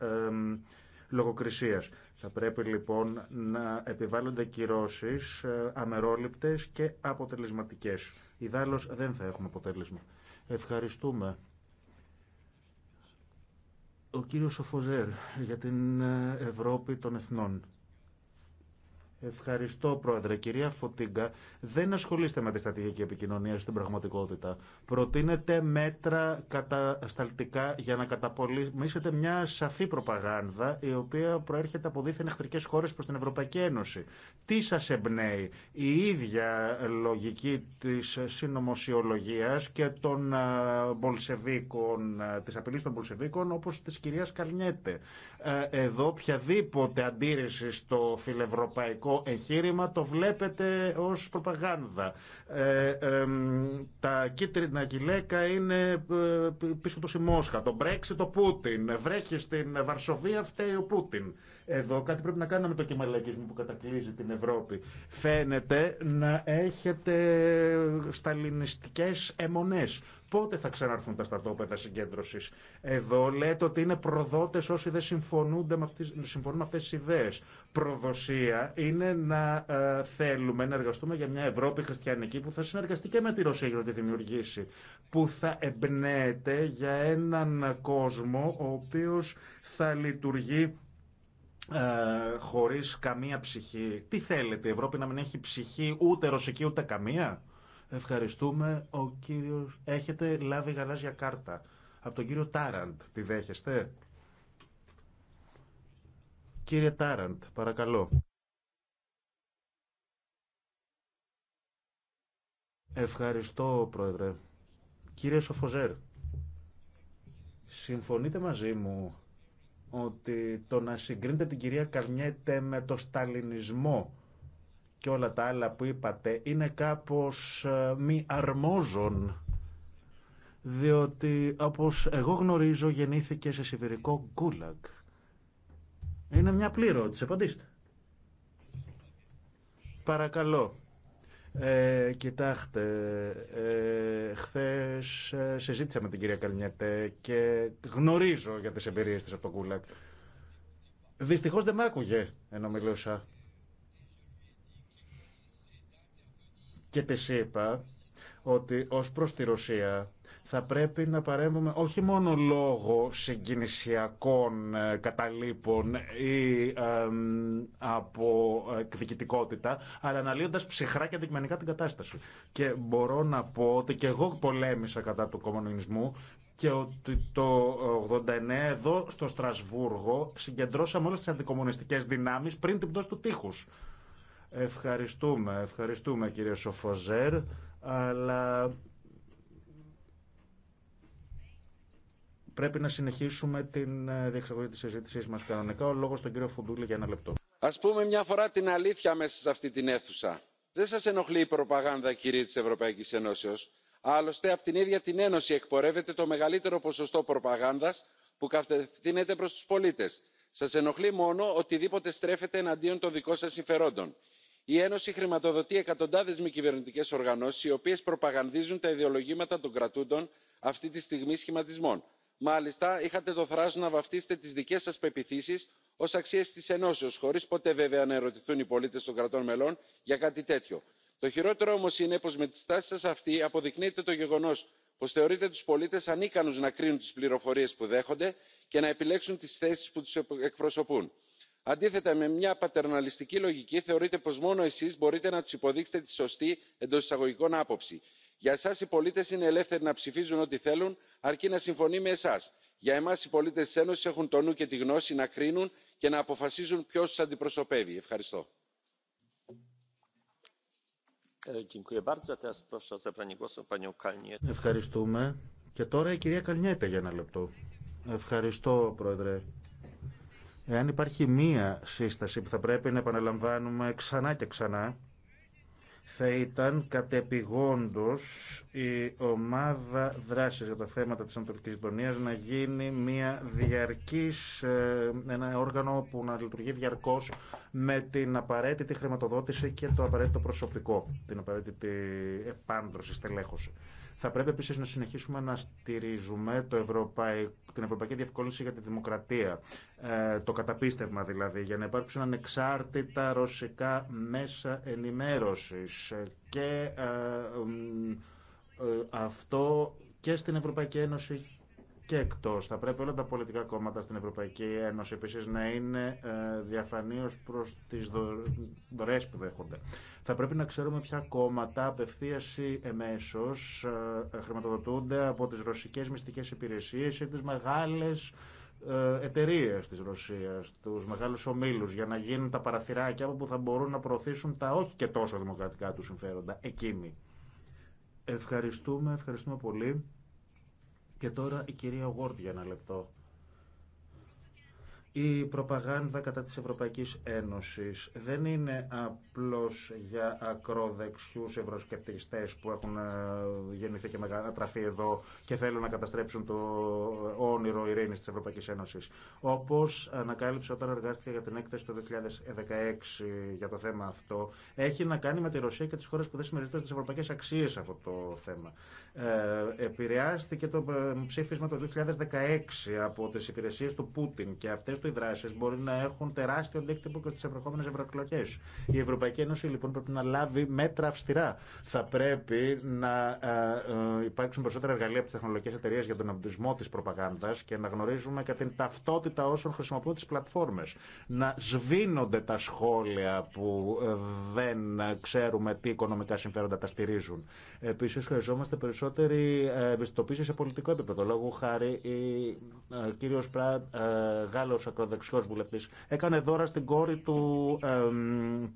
λογοκρισίας. Θα πρέπει λοιπόν να επιβάλλονται κυρώσεις ε, αμερόληπτες και αποτελεσματικές. Ιδάλλως δεν θα έχουμε αποτέλεσμα. Ευχαριστούμε. Ο κύριος Σοφοζέρ για την ε, Ευρώπη των Εθνών. Ευχαριστώ, Πρόεδρε. Κυρία Φωτίγκα, δεν ασχολείστε με τη στρατηγική επικοινωνία στην πραγματικότητα. Προτείνετε μέτρα κατασταλτικά για να καταπολεμήσετε μια σαφή προπαγάνδα η οποία προέρχεται από δίθεν εχθρικέ χώρε προ την Ευρωπαϊκή Ένωση. Τι σα εμπνέει η ίδια λογική τη συνωμοσιολογία και των Μπολσεβίκων, τη απειλή των Μπολσεβίκων, όπω τη κυρία Καλνιέτε. Ε, εδώ οποιαδήποτε αντίρρηση στο φιλευρωπαϊκό εγχείρημα το βλέπετε ως προπαγάνδα. Ε, ε, τα κίτρινα γυλαίκα είναι ε, πίσω του η Μόσχα. Το Brexit το Πούτιν. Βρέχει στην Βαρσοβία φταίει ο Πούτιν. Εδώ κάτι πρέπει να κάνουμε με το κεμαλακισμό που κατακλείζει την Ευρώπη. Φαίνεται να έχετε σταλινιστικές αιμονές. Πότε θα ξαναρθούν τα στρατόπεδα συγκέντρωση. Εδώ λέτε ότι είναι προδότες όσοι δεν συμφωνούν με αυτές τις ιδέες. Προδοσία είναι να ε, θέλουμε να εργαστούμε για μια Ευρώπη χριστιανική που θα συνεργαστεί και με τη Ρωσία για να τη δημιουργήσει. Που θα εμπνέεται για έναν κόσμο ο οποίος θα λειτουργεί ε, χωρίς καμία ψυχή. Τι θέλετε, η Ευρώπη να μην έχει ψυχή ούτε ρωσική ούτε καμία. Ευχαριστούμε. Ο κύριος... Έχετε λάβει γαλάζια κάρτα. Από τον κύριο Τάραντ. Τη δέχεστε. Κύριε Τάραντ, παρακαλώ. Ευχαριστώ, Πρόεδρε. Κύριε Σοφοζέρ, συμφωνείτε μαζί μου ότι το να συγκρίνετε την κυρία Καρνιέτε με το σταλινισμό και όλα τα άλλα που είπατε είναι κάπως ε, μη αρμόζων διότι όπως εγώ γνωρίζω γεννήθηκε σε σιβηρικό γκούλαγκ. Είναι μια πλήρω, απαντήστε. Παρακαλώ. Ε, κοιτάξτε, ε, χθε ε, συζήτησα με την κυρία Καλνιέτε και γνωρίζω για τις εμπειρίες της από τον Κούλακ. Δυστυχώς δεν μ' άκουγε ενώ μιλούσα. Και της είπα ότι ως προς τη Ρωσία θα πρέπει να παρέμβουμε όχι μόνο λόγω συγκινησιακών ε, καταλήπων ή από ε, εκδικητικότητα, αλλά αναλύοντας ψυχρά και αντικειμενικά την κατάσταση. Και μπορώ να πω ότι και εγώ πολέμησα κατά του κομμουνισμού και ότι το 89 εδώ στο Στρασβούργο συγκεντρώσαμε όλες τις αντικομμουνιστικές δυνάμεις πριν την πτώση του τείχους. Ευχαριστούμε, ευχαριστούμε κύριε Σοφοζέρ, αλλά Πρέπει να συνεχίσουμε την ε, διεξαγωγή τη συζήτησή μα κανονικά. Ο λόγο στον κύριο Φουντούλη για ένα λεπτό. Α πούμε μια φορά την αλήθεια μέσα σε αυτή την αίθουσα. Δεν σα ενοχλεί η προπαγάνδα, κύριε τη Ευρωπαϊκή Ενώσεω. Άλλωστε, από την ίδια την Ένωση εκπορεύεται το μεγαλύτερο ποσοστό προπαγάνδα που κατευθύνεται προ του πολίτε. Σα ενοχλεί μόνο οτιδήποτε στρέφεται εναντίον των δικών σα συμφερόντων. Η Ένωση χρηματοδοτεί εκατοντάδε μη κυβερνητικέ οργανώσει, οι οποίε προπαγανδίζουν τα ιδεολογήματα των κρατούντων αυτή τη στιγμή σχηματισμών μάλιστα είχατε το θράσος να βαφτίσετε τις δικές σας πεποιθήσεις ως αξίες της ενώσεως χωρίς ποτέ βέβαια να ερωτηθούν οι πολίτες των κρατών μελών για κάτι τέτοιο. το χειρότερο όμως είναι πως με τη στάση σας αυτή αποδεικνύεται το γεγονός πως θεωρείτε τους πολίτες ανίκανους να κρίνουν τις πληροφορίες που δέχονται και να επιλέξουν τις θέσεις που τους εκπροσωπούν. αντίθετα με μια πατερναλιστική λογική θεωρείτε πως μόνο εσείς μπορείτε να τους υποδείξετε τη σωστή εντός εισαγωγικών άποψη για εσά οι πολίτε είναι ελεύθεροι να ψηφίζουν ό,τι θέλουν αρκεί να συμφωνεί με εσά. για εμά οι πολίτε τη ένωση έχουν το νου και τη γνώση να κρίνουν και να αποφασίζουν ποιο του αντιπροσωπεύει. ευχαριστώ. Ε, Ευχαριστούμε. Και τώρα η κυρία Καλνιέται για ένα λεπτό. Ευχαριστώ, Πρόεδρε. Εάν υπάρχει μία σύσταση που θα πρέπει να επαναλαμβάνουμε ξανά και ξανά, θα ήταν κατεπηγόντως η ομάδα δράσης για τα θέματα της Ανατολικής Δονίας να γίνει μια διαρκής, ε, ένα όργανο που να λειτουργεί διαρκώς με την απαραίτητη χρηματοδότηση και το απαραίτητο προσωπικό, την απαραίτητη επάνδρωση, στελέχωση. Θα πρέπει επίση να συνεχίσουμε να στηρίζουμε το την Ευρωπαϊκή Διευκόλυνση για τη Δημοκρατία. Ε, το καταπίστευμα δηλαδή, για να υπάρξουν ανεξάρτητα ρωσικά μέσα ενημέρωση. Ε, και ε, αυτό και στην Ευρωπαϊκή Ένωση και εκτό. Θα πρέπει όλα τα πολιτικά κόμματα στην Ευρωπαϊκή Ένωση επίση να είναι ω προ τι δωρεές που δέχονται. Θα πρέπει να ξέρουμε ποια κόμματα απευθεία ή εμέσως ε, ε, χρηματοδοτούνται από τι ρωσικέ μυστικέ υπηρεσίε ή τι μεγάλε εταιρείε τη Ρωσία, του μεγάλου ομίλου, για να γίνουν τα παραθυράκια από που θα μπορούν να προωθήσουν τα όχι και τόσο δημοκρατικά του συμφέροντα εκείνοι. Ευχαριστούμε, ευχαριστούμε πολύ. Και τώρα η κυρία Γουόρντ για ένα λεπτό. Η προπαγάνδα κατά της Ευρωπαϊκής Ένωσης δεν είναι απλώς για ακροδεξιούς ευρωσκεπτικιστές που έχουν ε, γεννηθεί και τραφεί εδώ και θέλουν να καταστρέψουν το όνειρο ειρήνης της Ευρωπαϊκής Ένωσης. Όπως ανακάλυψε όταν εργάστηκε για την έκθεση το 2016 για το θέμα αυτό, έχει να κάνει με τη Ρωσία και τις χώρες που δεν συμμερίζονται στις ευρωπαϊκές αξίες αυτό το θέμα. Ε, επηρεάστηκε το ε, ψήφισμα το 2016 από τις υπηρεσίες του Πούτιν και αυτές του μπορεί να έχουν τεράστιο αντίκτυπο και στι επερχόμενε ευρωεκλογέ. Η Ευρωπαϊκή Ένωση λοιπόν πρέπει να λάβει μέτρα αυστηρά. Θα πρέπει να ε, ε, υπάρξουν περισσότερα εργαλεία από τι τεχνολογικέ εταιρείε για τον εμπλουτισμό τη προπαγάνδα και να γνωρίζουμε κατά την ταυτότητα όσων χρησιμοποιούν τι πλατφόρμε. Να σβήνονται τα σχόλια που ε, δεν ξέρουμε τι οικονομικά συμφέροντα τα στηρίζουν. Επίση, χρειαζόμαστε περισσότερη ευαισθητοποίηση σε πολιτικό επίπεδο. Λόγω χάρη, ο κύριο Γάλλο ακροδεξιό βουλευτή, έκανε δώρα στην κόρη του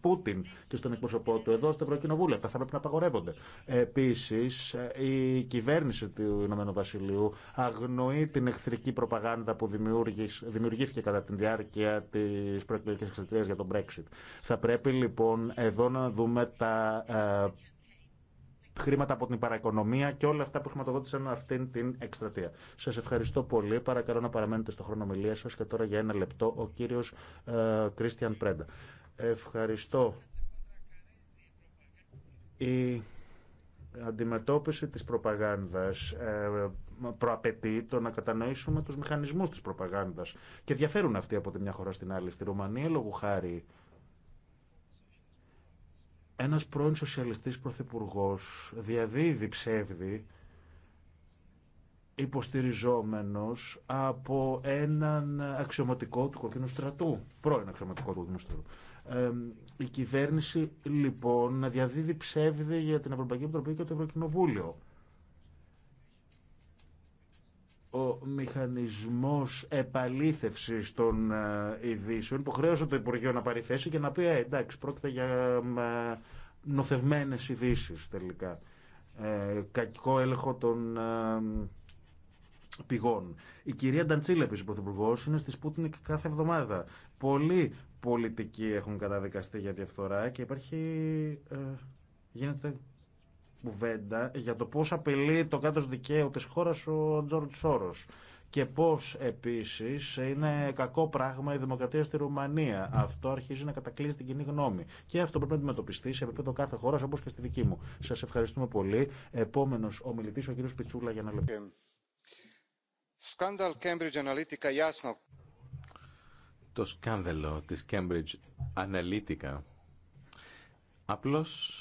Πούτιν και στον εκπροσωπό του εδώ στο Ευρωκοινοβούλιο. Αυτά θα πρέπει να απαγορεύονται. Επίση, ε, η κυβέρνηση του Ηνωμένου Βασιλείου αγνοεί την εχθρική προπαγάνδα που δημιουργήθηκε κατά τη διάρκεια τη προεκλογική εξετρία για τον Brexit. Θα πρέπει λοιπόν εδώ να δούμε τα ε, χρήματα από την παραοικονομία και όλα αυτά που χρηματοδότησαν αυτή την εκστρατεία. Σα ευχαριστώ πολύ. Παρακαλώ να παραμένετε στο χρόνο μιλία σα και τώρα για ένα λεπτό ο κύριο Κρίστιαν Πρέντα. Ευχαριστώ. Η αντιμετώπιση της προπαγάνδας ε, προαπαιτεί το να κατανοήσουμε τους μηχανισμούς της προπαγάνδας. Και διαφέρουν αυτοί από τη μια χώρα στην άλλη. Στη Ρουμανία, λόγω χάρη, ένας πρώην σοσιαλιστής πρωθυπουργός διαδίδει ψεύδι υποστηριζόμενος από έναν αξιωματικό του κοκκινού στρατού, πρώην αξιωματικό του κοκκινού στρατού. Ε, η κυβέρνηση λοιπόν να διαδίδει ψεύδι για την Ευρωπαϊκή Επιτροπή και το Ευρωκοινοβούλιο ο μηχανισμός επαλήθευσης των ε, ειδήσεων χρέωσε το Υπουργείο να πάρει θέση και να πει ε, εντάξει πρόκειται για ε, νοθευμένες ειδήσει τελικά. Ε, κακικό έλεγχο των ε, πηγών. Η κυρία που η Πρωθυπουργός, είναι στη Σπούτνικ κάθε εβδομάδα. Πολλοί πολιτικοί έχουν καταδικαστεί για διαφθορά και υπάρχει... Ε, γίνεται κουβέντα για το πώς απειλεί το κάτω δικαίου της χώρας ο Τζόρτ Σόρος και πώς επίσης είναι κακό πράγμα η δημοκρατία στη Ρουμανία. Αυτό αρχίζει να κατακλείζει την κοινή γνώμη. Και αυτό πρέπει να αντιμετωπιστεί σε επίπεδο κάθε χώρα όπως και στη δική μου. Σας ευχαριστούμε πολύ. Επόμενος ο μιλητής ο κ. Πιτσούλα για να λεπτό. Cambridge Analytica, Το σκάνδαλο της Cambridge Analytica απλώς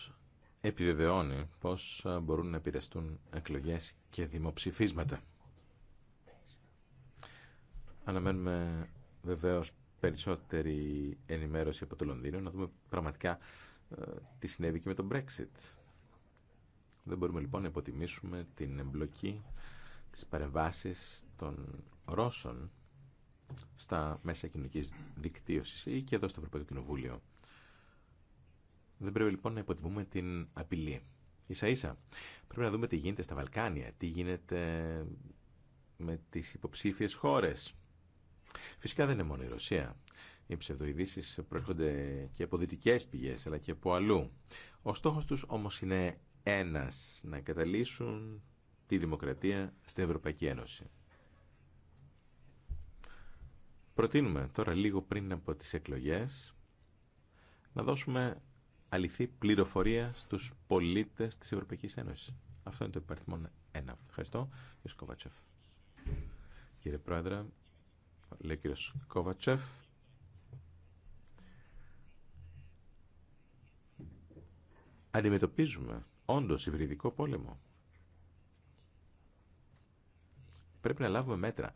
επιβεβαιώνει πώς ε, μπορούν να επηρεαστούν εκλογές και δημοψηφίσματα. Αναμένουμε βεβαίως περισσότερη ενημέρωση από το Λονδίνο, να δούμε πραγματικά ε, τι συνέβη και με το Brexit. Δεν μπορούμε λοιπόν να υποτιμήσουμε την εμπλοκή της παρεμβάσεις των Ρώσων στα μέσα κοινωνικής δικτύωσης ή και εδώ στο Ευρωπαϊκό Κοινοβούλιο. Δεν πρέπει λοιπόν να υποτιμούμε την απειλή. Ίσα ίσα πρέπει να δούμε τι γίνεται στα Βαλκάνια, τι γίνεται με τις υποψήφιες χώρες. Φυσικά δεν είναι μόνο η Ρωσία. Οι ψευδοειδήσεις προέρχονται και από δυτικέ πηγές αλλά και από αλλού. Ο στόχος τους όμως είναι ένας, να καταλύσουν τη δημοκρατία στην Ευρωπαϊκή Ένωση. Προτείνουμε τώρα λίγο πριν από τις εκλογές να δώσουμε αληθή πληροφορία στους πολίτες της Ευρωπαϊκής Ένωσης. Αυτό είναι το υπαριθμό 1. Ευχαριστώ. Κύριε Σκόβατσεφ. Κύριε Πρόεδρε, λέει κύριο Σκόβατσεφ. Αντιμετωπίζουμε όντως υβριδικό πόλεμο. Πρέπει να λάβουμε μέτρα.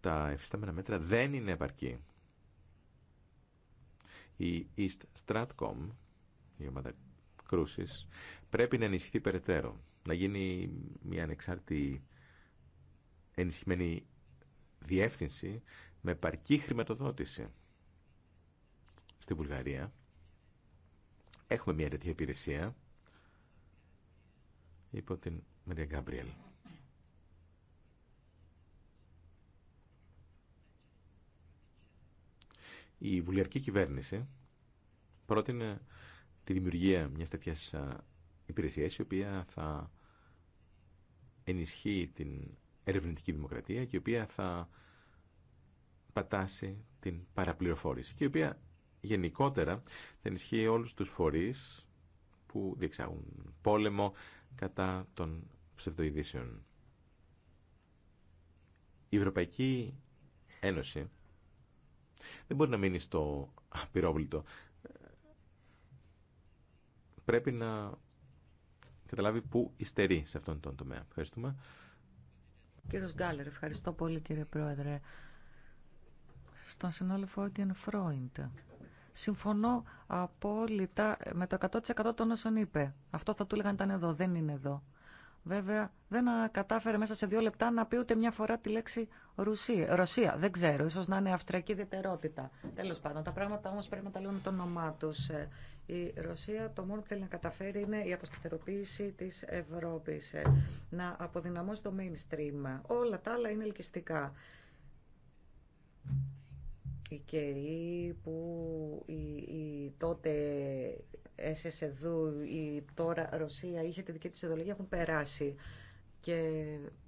Τα εφιστάμενα μέτρα δεν είναι επαρκή. Η East Stratcom η ομάδα πρέπει να ενισχυθεί περαιτέρω, να γίνει μια ανεξάρτητη ενισχυμένη διεύθυνση με παρκή χρηματοδότηση. Στη Βουλγαρία έχουμε μια τέτοια υπηρεσία υπό την Μαρία Γκάμπριελ. Η βουλιαρκή κυβέρνηση πρότεινε τη δημιουργία μιας τέτοιας υπηρεσίας η οποία θα ενισχύει την ερευνητική δημοκρατία και η οποία θα πατάσει την παραπληροφόρηση και η οποία γενικότερα θα ενισχύει όλους τους φορείς που διεξάγουν πόλεμο κατά των ψευδοειδήσεων. Η Ευρωπαϊκή Ένωση δεν μπορεί να μείνει στο απειρόβλητο πρέπει να καταλάβει πού υστερεί σε αυτόν τον τομέα. Ευχαριστούμε. Κύριο Γκάλερ, ευχαριστώ πολύ κύριε Πρόεδρε. Στον συνόλεφο Όντιεν Φρόιντ. Συμφωνώ απόλυτα με το 100% των όσων είπε. Αυτό θα του έλεγαν ήταν εδώ, δεν είναι εδώ. Βέβαια, δεν κατάφερε μέσα σε δύο λεπτά να πει ούτε μια φορά τη λέξη Ρουσία. Ρωσία. Δεν ξέρω, ίσως να είναι αυστριακή ιδιαιτερότητα. Τέλο πάντων, τα πράγματα όμως πρέπει να τα λέμε με το όνομά του. Ε, η Ρωσία το μόνο που θέλει να καταφέρει είναι η αποσταθεροποίηση της Ευρώπης, ε, να αποδυναμώσει το mainstream. Όλα τα άλλα είναι ελκυστικά. Οι ΚΕΙ που τότε ΣΕΣΕΔΟΥ ή τώρα Ρωσία είχε τη δική της ιδεολογία έχουν περάσει και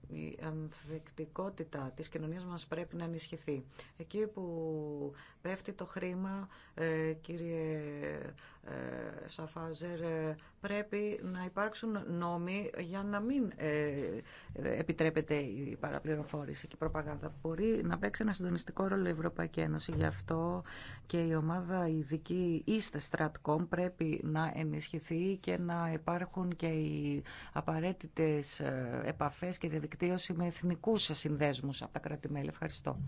η ανθεκτικότητα της κοινωνίας μας πρέπει να ενισχυθεί. Εκεί που πέφτει το χρήμα, ε, κύριε ε, Σαφάζερ, ε, πρέπει να υπάρξουν νόμοι για να μην επιτρέπεται η παραπληροφόρηση και η προπαγάνδα. Μπορεί να παίξει ένα συντονιστικό ρόλο η Ευρωπαϊκή Ένωση. Γι' αυτό και η ομάδα ειδική είστε πρέπει να ενισχυθεί και να υπάρχουν και οι απαραίτητες επαφές και διαδικασίες δικτύωση με εθνικούς συνδέσμους από τα κράτη-μέλη. Ευχαριστώ.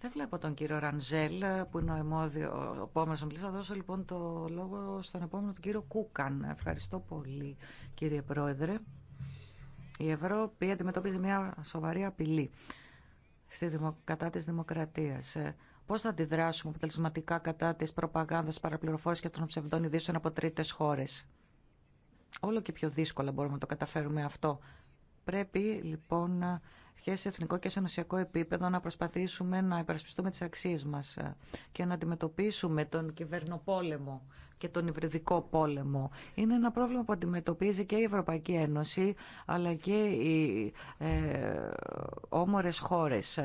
Δεν βλέπω τον κύριο Ρανζέλ που είναι ο εμόδιο επόμενο ομιλητή. Θα δώσω λοιπόν το λόγο στον επόμενο τον κύριο Κούκαν. Ευχαριστώ πολύ κύριε Πρόεδρε. Η Ευρώπη αντιμετωπίζει μια σοβαρή απειλή στη κατά τη Δημοκρατία. Πώ θα αντιδράσουμε αποτελεσματικά κατά τη προπαγάνδας, παραπληροφόρησης και των ψευδών ειδήσεων από τρίτε χώρε, Όλο και πιο δύσκολα μπορούμε να το καταφέρουμε αυτό Πρέπει λοιπόν και σε εθνικό και σε ενωσιακό επίπεδο να προσπαθήσουμε να υπερασπιστούμε τις αξίες μας και να αντιμετωπίσουμε τον κυβερνοπόλεμο και τον υβριδικό πόλεμο. Είναι ένα πρόβλημα που αντιμετωπίζει και η Ευρωπαϊκή Ένωση αλλά και οι ε, όμορες χώρες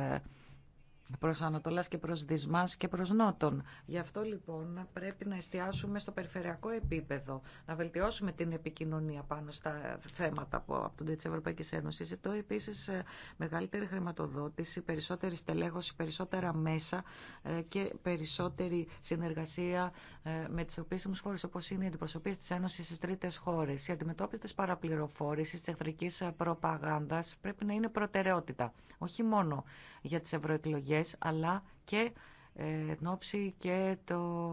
προς Ανατολάς και προς Δυσμάς και προς Νότον. Γι' αυτό λοιπόν πρέπει να εστιάσουμε στο περιφερειακό επίπεδο, να βελτιώσουμε την επικοινωνία πάνω στα θέματα που από τον Ευρωπαϊκή Ένωση. Ζητώ επίσης ε, μεγαλύτερη χρηματοδότηση, περισσότερη στελέχωση, περισσότερα μέσα ε, και περισσότερη συνεργασία ε, με τις επίσημους χώρες όπως είναι η αντιπροσωπή της Ένωσης στις τρίτες χώρες. Η αντιμετώπιση της παραπληροφόρησης, της εχθρικής προπαγάνδας πρέπει να είναι προτεραιότητα, όχι μόνο για τι ευρωεκλογέ αλλά και ε, εν ώψη και το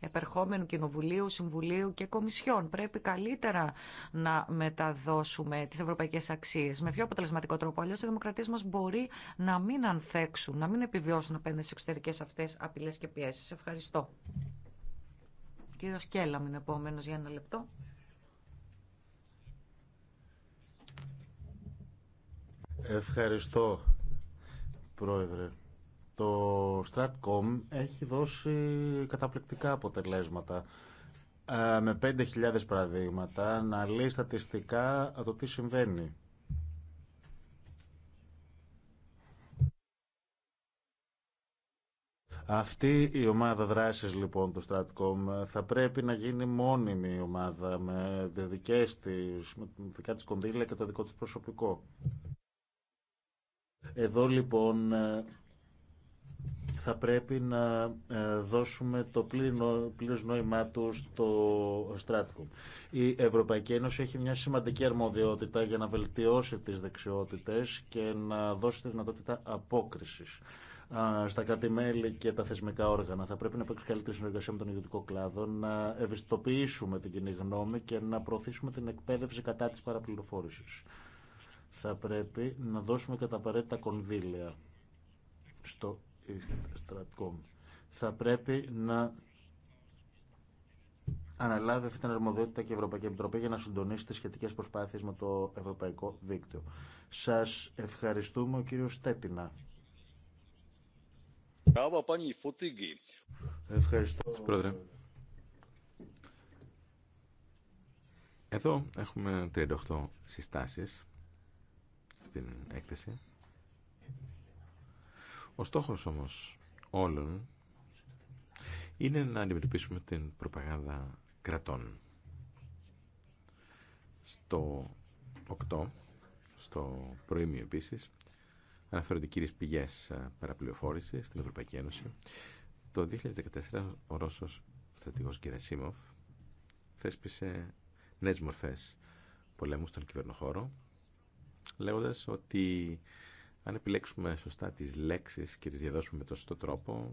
επερχόμενου Κοινοβουλίου, Συμβουλίου και Κομισιόν. Πρέπει καλύτερα να μεταδώσουμε τις ευρωπαϊκές αξίες με πιο αποτελεσματικό τρόπο. Αλλιώς οι δημοκρατίες μας μπορεί να μην ανθέξουν, να μην επιβιώσουν απέναντι στις εξωτερικές αυτές απειλές και πιέσεις. Ευχαριστώ. Κύριος Κέλα, είναι επόμενο για ένα λεπτό. Ευχαριστώ Πρόεδρε, το Stratcom έχει δώσει καταπληκτικά αποτελέσματα ε, με 5.000 παραδείγματα να λέει στατιστικά το τι συμβαίνει. Αυτή η ομάδα δράσης λοιπόν του Stratcom θα πρέπει να γίνει μόνιμη ομάδα με τις δικές της, με δικά της κονδύλια και το δικό της προσωπικό. Εδώ λοιπόν ε, θα πρέπει να ε, δώσουμε το πλήρες νόημά του στο στράτικο. Η Ευρωπαϊκή Ένωση έχει μια σημαντική αρμοδιότητα για να βελτιώσει τις δεξιότητες και να δώσει τη δυνατότητα απόκρισης ε, στα κρατη και τα θεσμικά όργανα. Θα πρέπει να υπάρξει καλύτερη συνεργασία με τον ιδιωτικό κλάδο, να ευαισθητοποιήσουμε την κοινή γνώμη και να προωθήσουμε την εκπαίδευση κατά της παραπληροφόρησης θα πρέπει να δώσουμε κατά απαραίτητα κονδύλια στο Stratcom. Θα πρέπει να αναλάβει αυτή την αρμοδιότητα και η Ευρωπαϊκή Επιτροπή για να συντονίσει τις σχετικές προσπάθειες με το Ευρωπαϊκό Δίκτυο. Σας ευχαριστούμε ο κύριος Στέτινα. Ευχαριστώ. Πρόεδρε. Εδώ έχουμε 38 συστάσεις την έκθεση. Ο στόχος όμως όλων είναι να αντιμετωπίσουμε την προπαγάνδα κρατών. Στο 8, στο προήμιο επίσης, αναφέρονται κύριες πηγές παραπληροφόρηση στην Ευρωπαϊκή Ένωση. Το 2014 ο Ρώσος στρατηγός Γκερασίμοφ θέσπισε νέες μορφές πολέμου στον κυβερνοχώρο λέγοντας ότι αν επιλέξουμε σωστά τις λέξεις και τις διαδώσουμε με το σωστό τρόπο,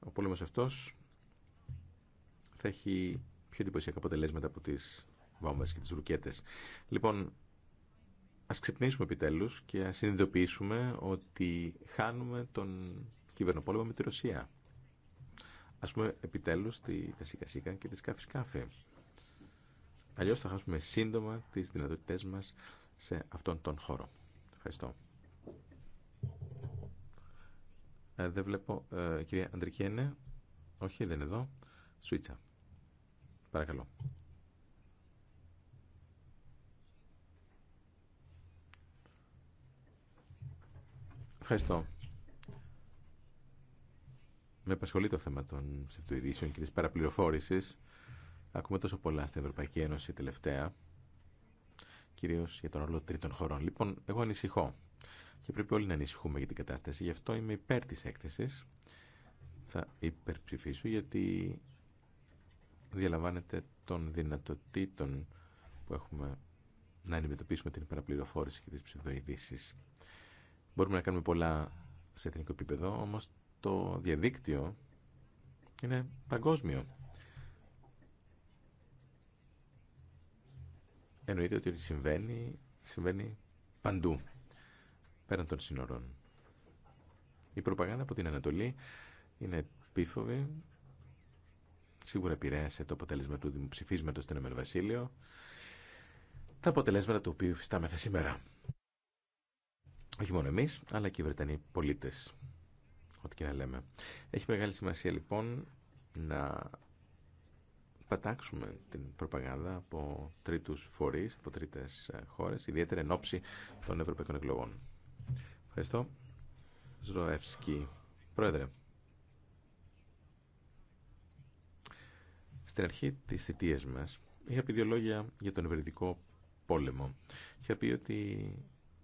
ο πόλεμος αυτός θα έχει πιο εντυπωσιακά αποτελέσματα από τις βόμβες και τις ρουκέτες. Λοιπόν, ας ξυπνήσουμε επιτέλους και ας συνειδητοποιήσουμε ότι χάνουμε τον κυβερνοπόλεμο με τη Ρωσία. Ας πούμε επιτέλους τη, τα σίκα σίκα και τη σκάφη σκάφη. Αλλιώς θα χάσουμε σύντομα τις δυνατότητές μας σε αυτόν τον χώρο. Ευχαριστώ. Ε, δεν βλέπω. Ε, κυρία Αντρική Όχι, δεν είναι εδώ. Σουίτσα. Παρακαλώ. Ευχαριστώ. Με απασχολεί το θέμα των ψευτοειδήσεων και της παραπληροφόρησης. Ακούμε τόσο πολλά στην Ευρωπαϊκή Ένωση τελευταία κυρίως για τον ρόλο τρίτων χωρών. Λοιπόν, εγώ ανησυχώ και πρέπει όλοι να ανησυχούμε για την κατάσταση. Γι' αυτό είμαι υπέρ της έκθεσης. Θα υπερψηφίσω γιατί διαλαμβάνεται των δυνατοτήτων που έχουμε να αντιμετωπίσουμε την παραπληροφόρηση και τις ψευδοειδήσεις. Μπορούμε να κάνουμε πολλά σε εθνικό επίπεδο, όμως το διαδίκτυο είναι παγκόσμιο. εννοείται ότι συμβαίνει, συμβαίνει παντού, πέραν των σύνορων. Η προπαγάνδα από την Ανατολή είναι επίφοβη, σίγουρα επηρέασε το αποτέλεσμα του δημοψηφίσματος στον Εμερ Βασίλειο, τα αποτελέσματα του οποίου φυστάμεθα σήμερα. Όχι μόνο εμεί, αλλά και οι Βρετανοί πολίτε. Ό,τι και να λέμε. Έχει μεγάλη σημασία λοιπόν να πατάξουμε την προπαγάνδα από τρίτους φορείς, από τρίτες ε, χώρες, ιδιαίτερα εν ώψη των ευρωπαϊκών εκλογών. Ευχαριστώ. Ζροεύσκη. Πρόεδρε. Στην αρχή της θητείας μας είχα πει δύο λόγια για τον ευρυδικό πόλεμο. Είχα πει ότι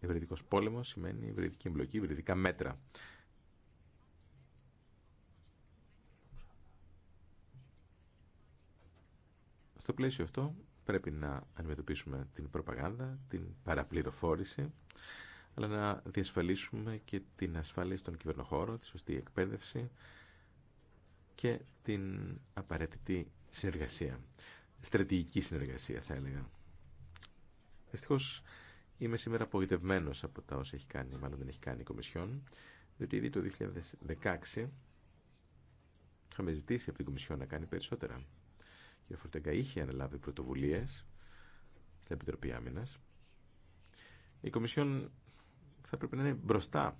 ευρυδικός πόλεμος σημαίνει ευρυδική εμπλοκή, ευρυδικά μέτρα. Στο πλαίσιο αυτό πρέπει να αντιμετωπίσουμε την προπαγάνδα, την παραπληροφόρηση, αλλά να διασφαλίσουμε και την ασφάλεια στον κυβερνοχώρο, τη σωστή εκπαίδευση και την απαραίτητη συνεργασία. Στρατηγική συνεργασία θα έλεγα. Δυστυχώ είμαι σήμερα απογοητευμένο από τα όσα έχει κάνει, μάλλον δεν έχει κάνει η Κομισιόν, διότι ήδη το 2016 είχαμε ζητήσει από την Κομισιόν να κάνει περισσότερα. Η Φορτέγκα είχε αναλάβει πρωτοβουλίες στην Επιτροπή Άμυνας. Η Κομισιόν θα πρέπει να είναι μπροστά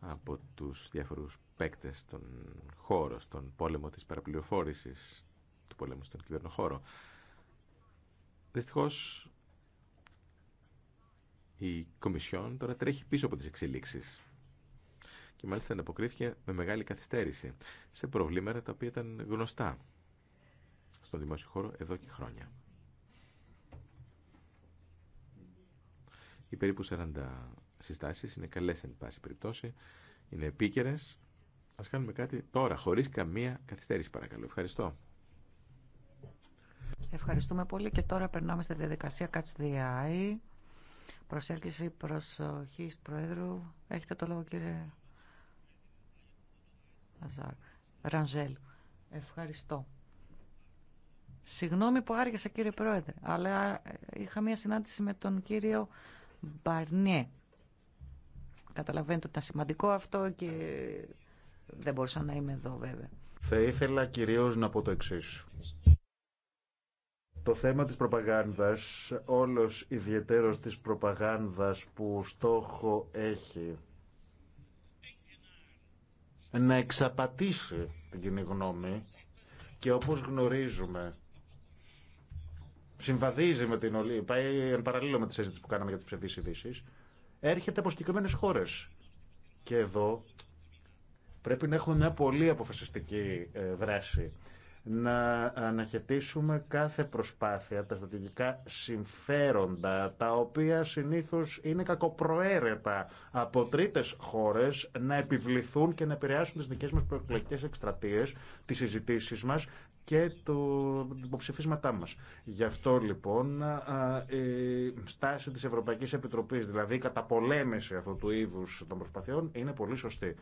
από τους διάφορους παίκτες στον χώρο, στον πόλεμο της παραπληροφόρησης, του πολέμου στον κυβερνοχώρο. Δυστυχώς η Κομισιόν τώρα τρέχει πίσω από τις εξελίξεις και μάλιστα ανταποκρίθηκε με μεγάλη καθυστέρηση σε προβλήματα τα οποία ήταν γνωστά στον δημόσιο χώρο εδώ και χρόνια. Οι περίπου 40 συστάσεις είναι καλές εν πάση περιπτώσει, είναι επίκαιρε. Ας κάνουμε κάτι τώρα, χωρίς καμία καθυστέρηση παρακαλώ. Ευχαριστώ. Ευχαριστούμε πολύ και τώρα περνάμε στη διαδικασία Catch the Eye. Προσέλκυση προσοχής του Προέδρου. Έχετε το λόγο κύριε Αζάρ. Ρανζέλ. Ευχαριστώ. Συγγνώμη που άργησα κύριε Πρόεδρε, αλλά ε, είχα μια συνάντηση με τον κύριο Μπαρνιέ. Καταλαβαίνετε ότι ήταν σημαντικό αυτό και δεν μπορούσα να είμαι εδώ βέβαια. Θα ήθελα κυρίως να πω το εξή. Το θέμα της προπαγάνδας, όλος ιδιαίτερος της προπαγάνδας που στόχο έχει να εξαπατήσει την κοινή γνώμη και όπως γνωρίζουμε συμβαδίζει με την όλη, πάει εν παραλίλω με τη συζήτηση που κάναμε για τις ψευδεί ειδήσει. έρχεται από συγκεκριμένε χώρες. Και εδώ πρέπει να έχουμε μια πολύ αποφασιστική ε, δράση. Να αναχαιτήσουμε κάθε προσπάθεια, τα στρατηγικά συμφέροντα, τα οποία συνήθως είναι κακοπροαίρετα από τρίτες χώρες να επιβληθούν και να επηρεάσουν τις δικές μας προεκλογικές εκστρατείες, τις συζητήσεις μας και το υποψηφίσματά μας. Γι' αυτό λοιπόν η στάση της Ευρωπαϊκής Επιτροπής, δηλαδή η καταπολέμηση αυτού του είδους των προσπαθειών, είναι πολύ σωστή.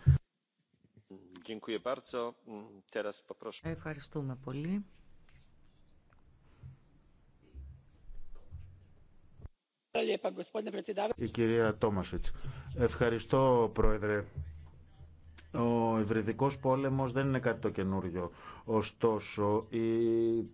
Ευχαριστούμε πολύ. Η κυρία Τόμασιτς. Ευχαριστώ, Πρόεδρε. Ο ευρυδικός πόλεμος δεν είναι κάτι το καινούριο. Ωστόσο, οι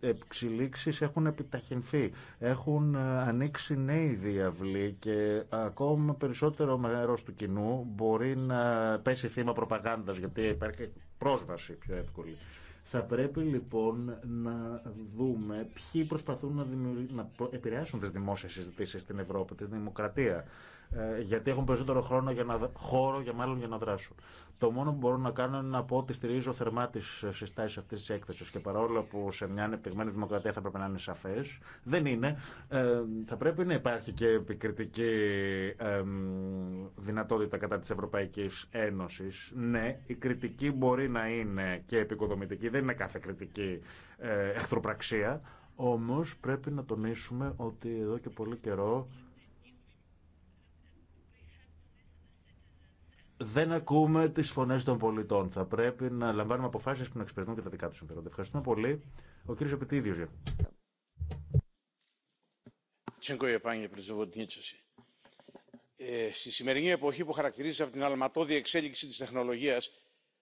εξελίξεις έχουν επιταχυνθεί. Έχουν ε, ανοίξει νέοι διαβλή και ακόμα περισσότερο μέρο του κοινού μπορεί να πέσει θύμα προπαγάνδας, γιατί υπάρχει πρόσβαση πιο εύκολη. Θα πρέπει λοιπόν να δούμε ποιοι προσπαθούν να, να επηρεάσουν τις δημόσιες συζητήσει στην Ευρώπη, τη δημοκρατία, ε, γιατί έχουν περισσότερο χρόνο για να... χώρο για μάλλον για να δράσουν. Το μόνο που μπορώ να κάνω είναι να πω ότι στηρίζω θερμά τι συστάσει αυτή τη έκθεση και παρόλο που σε μια ανεπτυγμένη δημοκρατία θα πρέπει να είναι σαφέ, δεν είναι. Ε, θα πρέπει να υπάρχει και επικριτική ε, δυνατότητα κατά τη Ευρωπαϊκή Ένωση. Ναι, η κριτική μπορεί να είναι και επικοδομητική, δεν είναι κάθε κριτική ε, εχθροπραξία. Όμω πρέπει να τονίσουμε ότι εδώ και πολύ καιρό δεν ακούμε τι φωνέ των πολιτών. Θα πρέπει να λαμβάνουμε αποφάσει που να εξυπηρετούν και τα δικά του συμφέροντα. Ευχαριστούμε πολύ. Ο κύριο Επιτίδιο. Ε, στη σημερινή εποχή που χαρακτηρίζεται από την αλματώδη εξέλιξη τη τεχνολογία,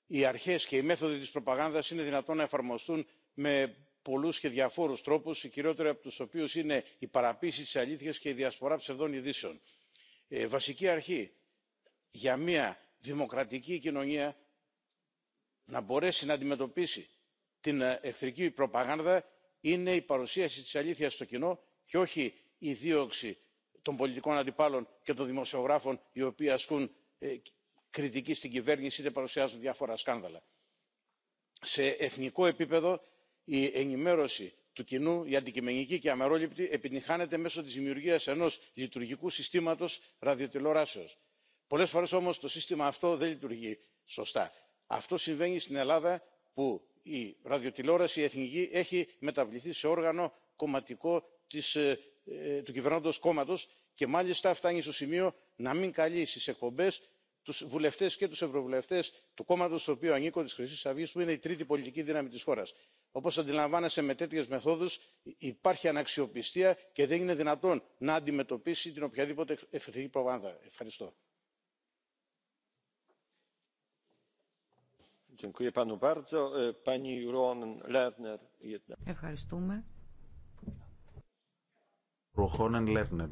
οι αρχέ και οι μέθοδοι τη προπαγάνδα είναι δυνατόν να εφαρμοστούν με πολλού και διαφόρου τρόπου, οι κυριότεροι από του οποίου είναι η παραποίηση τη αλήθεια και η διασπορά ψευδών ειδήσεων. Ε, βασική αρχή για μια δημοκρατική κοινωνία να μπορέσει να αντιμετωπίσει την ε, εχθρική προπαγάνδα είναι η παρουσίαση της αλήθειας στο κοινό και όχι η δίωξη των πολιτικών αντιπάλων και των δημοσιογράφων οι οποίοι ασκούν ε, κριτική στην κυβέρνηση είτε παρουσιάζουν διάφορα σκάνδαλα. σε εθνικό επίπεδο η ενημέρωση του κοινού η αντικειμενική και αμερόληπτη επιτυγχάνεται μέσω της δημιουργίας ενός λειτουργικού συστήματος ραδιοτηλεοράσεως πολλές φορές όμως το σύστημα αυτό δεν λειτουργεί σωστά. αυτό συμβαίνει στην ελλάδα που η ραδιοτηλεόραση εθνική έχει μεταβληθεί σε όργανο κομματικό του κυβερνώντος κόμματος και μάλιστα φτάνει στο σημείο να μην καλεί στις εκπομπές τους βουλευτές και τους ευρωβουλευτές του κόμματος στο οποίο ανήκω της χρυσής αυγής που είναι η τρίτη πολιτική δύναμη της χώρας. όπως αντιλαμβάνεσαι με τέτοιες μεθόδους υπάρχει αναξιοπιστία και δεν είναι δυνατόν να αντιμετωπίσει την οποιαδήποτε εχθρική προπαγάνδα. ευχαριστώ. E, Ευχαριστούμε. Ροχόνεν Λέρνερ.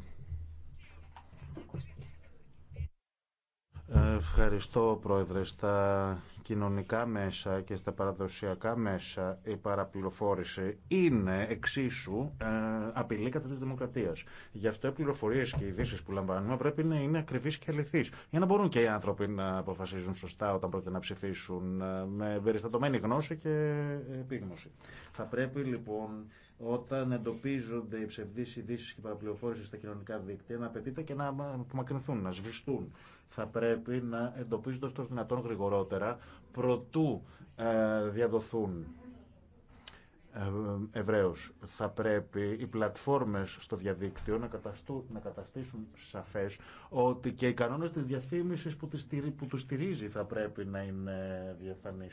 Ευχαριστώ, Πρόεδρε. Στα κοινωνικά μέσα και στα παραδοσιακά μέσα η παραπληροφόρηση είναι εξίσου ε, απειλή κατά της δημοκρατίας. Γι' αυτό οι πληροφορίες και οι ειδήσει που λαμβάνουμε πρέπει να είναι ακριβείς και αληθεί. για να μπορούν και οι άνθρωποι να αποφασίζουν σωστά όταν πρόκειται να ψηφίσουν ε, με περιστατωμένη γνώση και επίγνωση. Θα πρέπει λοιπόν όταν εντοπίζονται οι ψευδείς ειδήσει και παραπληροφόρηση στα κοινωνικά δίκτυα να απαιτείται και να απομακρυνθούν, να σβηστούν θα πρέπει να εντοπίζονται στο δυνατόν γρηγορότερα προτού ε, διαδοθούν ε, ευρέως. Θα πρέπει οι πλατφόρμες στο διαδίκτυο να, να καταστήσουν σαφές ότι και οι κανόνες της διαφήμισης που, τη στηρί, που του στηρίζει θα πρέπει να είναι διαφανείς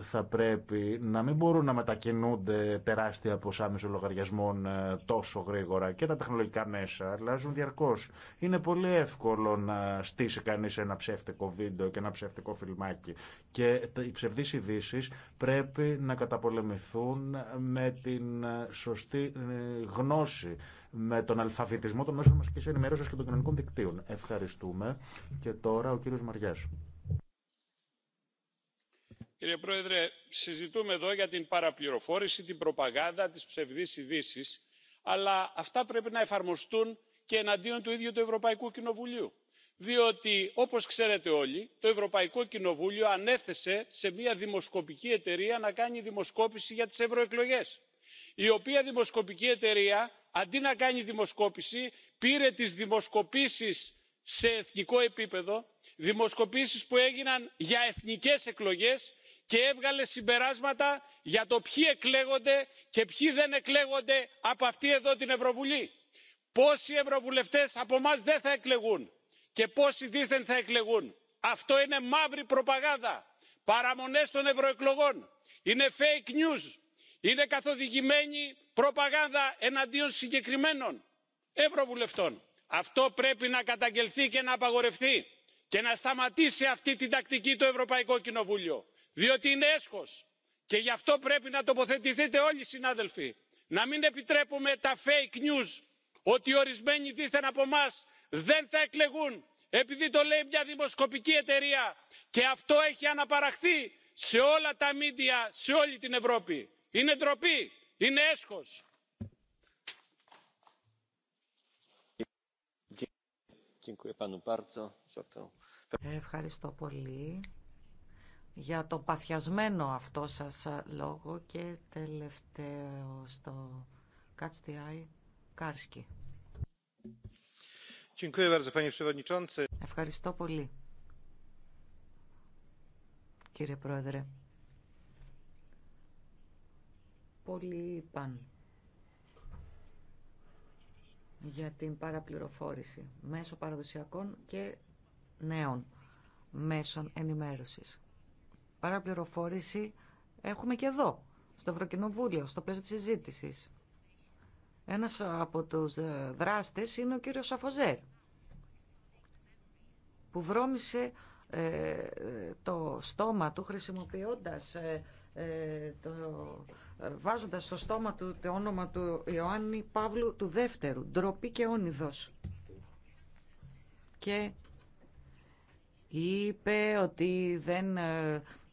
θα πρέπει να μην μπορούν να μετακινούνται τεράστια ποσά λογαριασμών ε, τόσο γρήγορα και τα τεχνολογικά μέσα αλλάζουν διαρκώς. Είναι πολύ εύκολο να στήσει κανείς ένα ψεύτικο βίντεο και ένα ψεύτικο φιλμάκι και οι ψευδείς ειδήσει πρέπει να καταπολεμηθούν με την ε, σωστή ε, γνώση με τον αλφαβητισμό των μέσων και ενημέρωσης και των κοινωνικών δικτύων. Ευχαριστούμε. Και τώρα ο κύριος Μαριάς κύριε πρόεδρε συζητούμε εδώ για την παραπληροφόρηση την προπαγάνδα τις ψευδείς ειδήσει αλλά αυτά πρέπει να εφαρμοστούν και εναντίον του ίδιου του ευρωπαϊκού κοινοβουλίου διότι όπως ξέρετε όλοι το ευρωπαϊκό κοινοβούλιο ανέθεσε σε μια δημοσκοπική εταιρεία να κάνει δημοσκόπηση για τις ευρωεκλογέ η οποία δημοσκοπική εταιρεία αντί να κάνει δημοσκόπηση πήρε τις δημοσκοπήσεις σε εθνικό επίπεδο δημοσκοπήσεις που έγιναν για εθνικές εκλογές και έβγαλε συμπεράσματα για το ποιοι εκλέγονται και ποιοι δεν εκλέγονται από αυτή εδώ την ευρωβουλή πόσοι ευρωβουλευτές από εμά δεν θα εκλεγούν και πόσοι δήθεν θα εκλεγούν. αυτό είναι μαύρη προπαγάνδα παραμονές των ευρωεκλογών είναι fake news είναι καθοδηγημένη προπαγάνδα εναντίον συγκεκριμένων ευρωβουλευτών. αυτό πρέπει να καταγγελθεί και να απαγορευτεί και να σταματήσει αυτή την τακτική το ευρωπαϊκό κοινοβούλιο διότι είναι έσχος και γι' αυτό πρέπει να τοποθετηθείτε όλοι συνάδελφοι να μην επιτρέπουμε τα fake news ότι ορισμένοι δίθεν από εμά δεν θα εκλεγούν επειδή το λέει μια δημοσκοπική εταιρεία και αυτό έχει αναπαραχθεί σε όλα τα μίντια σε όλη την ευρώπη. είναι ντροπή είναι έσχος. Ευχαριστώ πολύ για το παθιασμένο αυτό σας λόγο και τελευταίο στο Catch Κάρσκι. Ευχαριστώ πολύ, κύριε Πρόεδρε. Πολλοί είπαν για την παραπληροφόρηση μέσω παραδοσιακών και νέων μέσων ενημέρωσης παραπληροφόρηση έχουμε και εδώ, στο Ευρωκοινοβούλιο, στο πλαίσιο της συζήτηση. Ένας από τους δράστες είναι ο κύριος Σαφοζέρ, που βρώμησε ε, το στόμα του χρησιμοποιώντας ε, ε, το, βάζοντας στο στόμα του το όνομα του Ιωάννη Παύλου του Δεύτερου ντροπή και όνειδος και είπε ότι δεν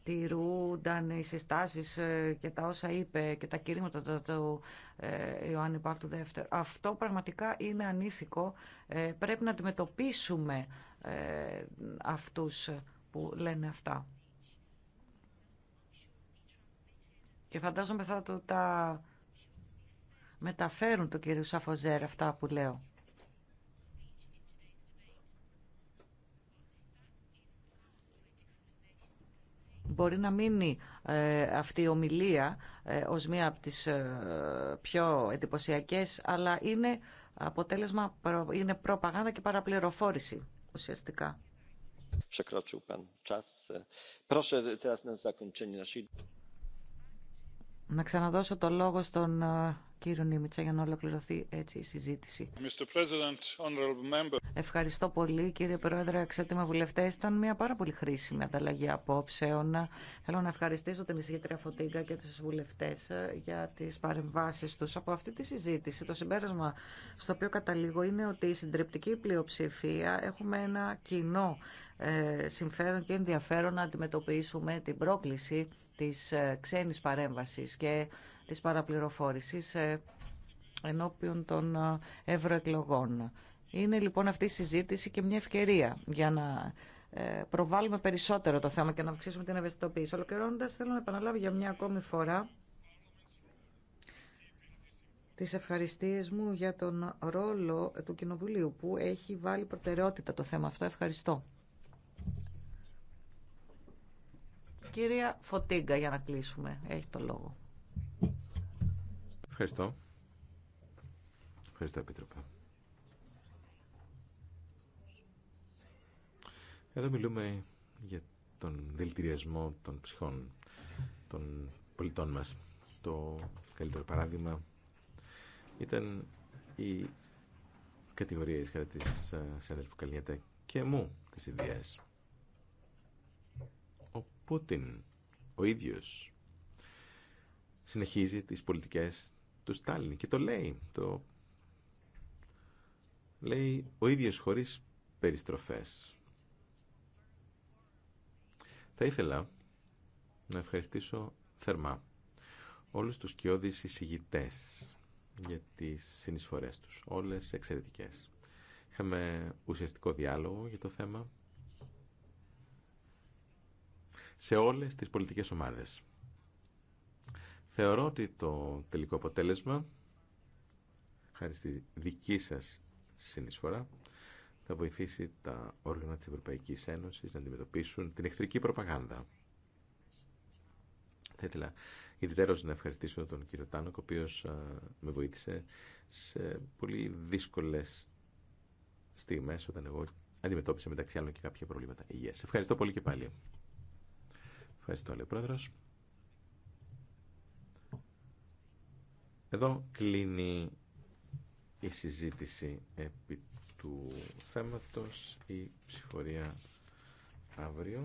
τηρούνταν οι συστάσει ε, και τα όσα είπε και τα κηρύγματα του ε, Ιωάννη Πάρτου Δεύτερου. Αυτό πραγματικά είναι ανήθικο. Ε, πρέπει να αντιμετωπίσουμε αυτούς που λένε αυτά. Και φαντάζομαι θα του τα μεταφέρουν το κύριο Σαφοζέρ αυτά που λέω. Μπορεί να μείνει ε, αυτή η ομιλία ε, ως μία από τις ε, πιο εντυπωσιακές, αλλά είναι αποτέλεσμα, είναι προπαγάνδα και παραπληροφόρηση ουσιαστικά. Να ξαναδώσω το λόγο στον ε, κύριο Νίμιτσα για να ολοκληρωθεί έτσι η συζήτηση. Ευχαριστώ πολύ κύριε Πρόεδρε, αξιότιμα βουλευτέ. Ήταν μια πάρα πολύ χρήσιμη ανταλλαγή απόψεων. Θέλω να ευχαριστήσω την εισηγήτρια Φωτίνκα και του βουλευτέ ε, για τι παρεμβάσει του. Από αυτή τη συζήτηση, το συμπέρασμα στο οποίο καταλήγω είναι ότι η συντριπτική πλειοψηφία έχουμε ένα κοινό ε, συμφέρον και ενδιαφέρον να αντιμετωπίσουμε την πρόκληση της ε, ξένης παρέμβασης και της παραπληροφόρησης ε, ενώπιον των ε, ευρωεκλογών. Είναι λοιπόν αυτή η συζήτηση και μια ευκαιρία για να προβάλλουμε περισσότερο το θέμα και να αυξήσουμε την ευαισθητοποίηση. Ολοκληρώνοντας, θέλω να επαναλάβω για μια ακόμη φορά τις ευχαριστίες μου για τον ρόλο του Κοινοβουλίου που έχει βάλει προτεραιότητα το θέμα αυτό. Ευχαριστώ. Κυρία Φωτίγκα, για να κλείσουμε. Έχει το λόγο. Ευχαριστώ. Ευχαριστώ, Επίτροπε. Εδώ μιλούμε για τον δηλητηριασμό των ψυχών των πολιτών μας. Το καλύτερο παράδειγμα ήταν η κατηγορία της χαρά ε, της και μου της ιδέας. Πούτιν ο ίδιος συνεχίζει τις πολιτικές του Στάλιν και το λέει. Το λέει ο ίδιος χωρίς περιστροφές. Θα ήθελα να ευχαριστήσω θερμά όλους τους κοιόδης εισηγητές για τις συνεισφορές τους. Όλες εξαιρετικές. Είχαμε ουσιαστικό διάλογο για το θέμα σε όλες τις πολιτικές ομάδες. Θεωρώ ότι το τελικό αποτέλεσμα, χάρη στη δική σας συνεισφορά, θα βοηθήσει τα όργανα της Ευρωπαϊκής Ένωσης να αντιμετωπίσουν την εχθρική προπαγάνδα. Θα ήθελα ιδιαίτερως να ευχαριστήσω τον κύριο Τάνοκ, ο οποίος με βοήθησε σε πολύ δύσκολες στιγμές όταν εγώ αντιμετώπισα μεταξύ άλλων και κάποια προβλήματα υγείας. Ευχαριστώ πολύ και πάλι. Ευχαριστώ, λέει Εδώ κλείνει η συζήτηση επί του θέματος, η ψηφορία αύριο.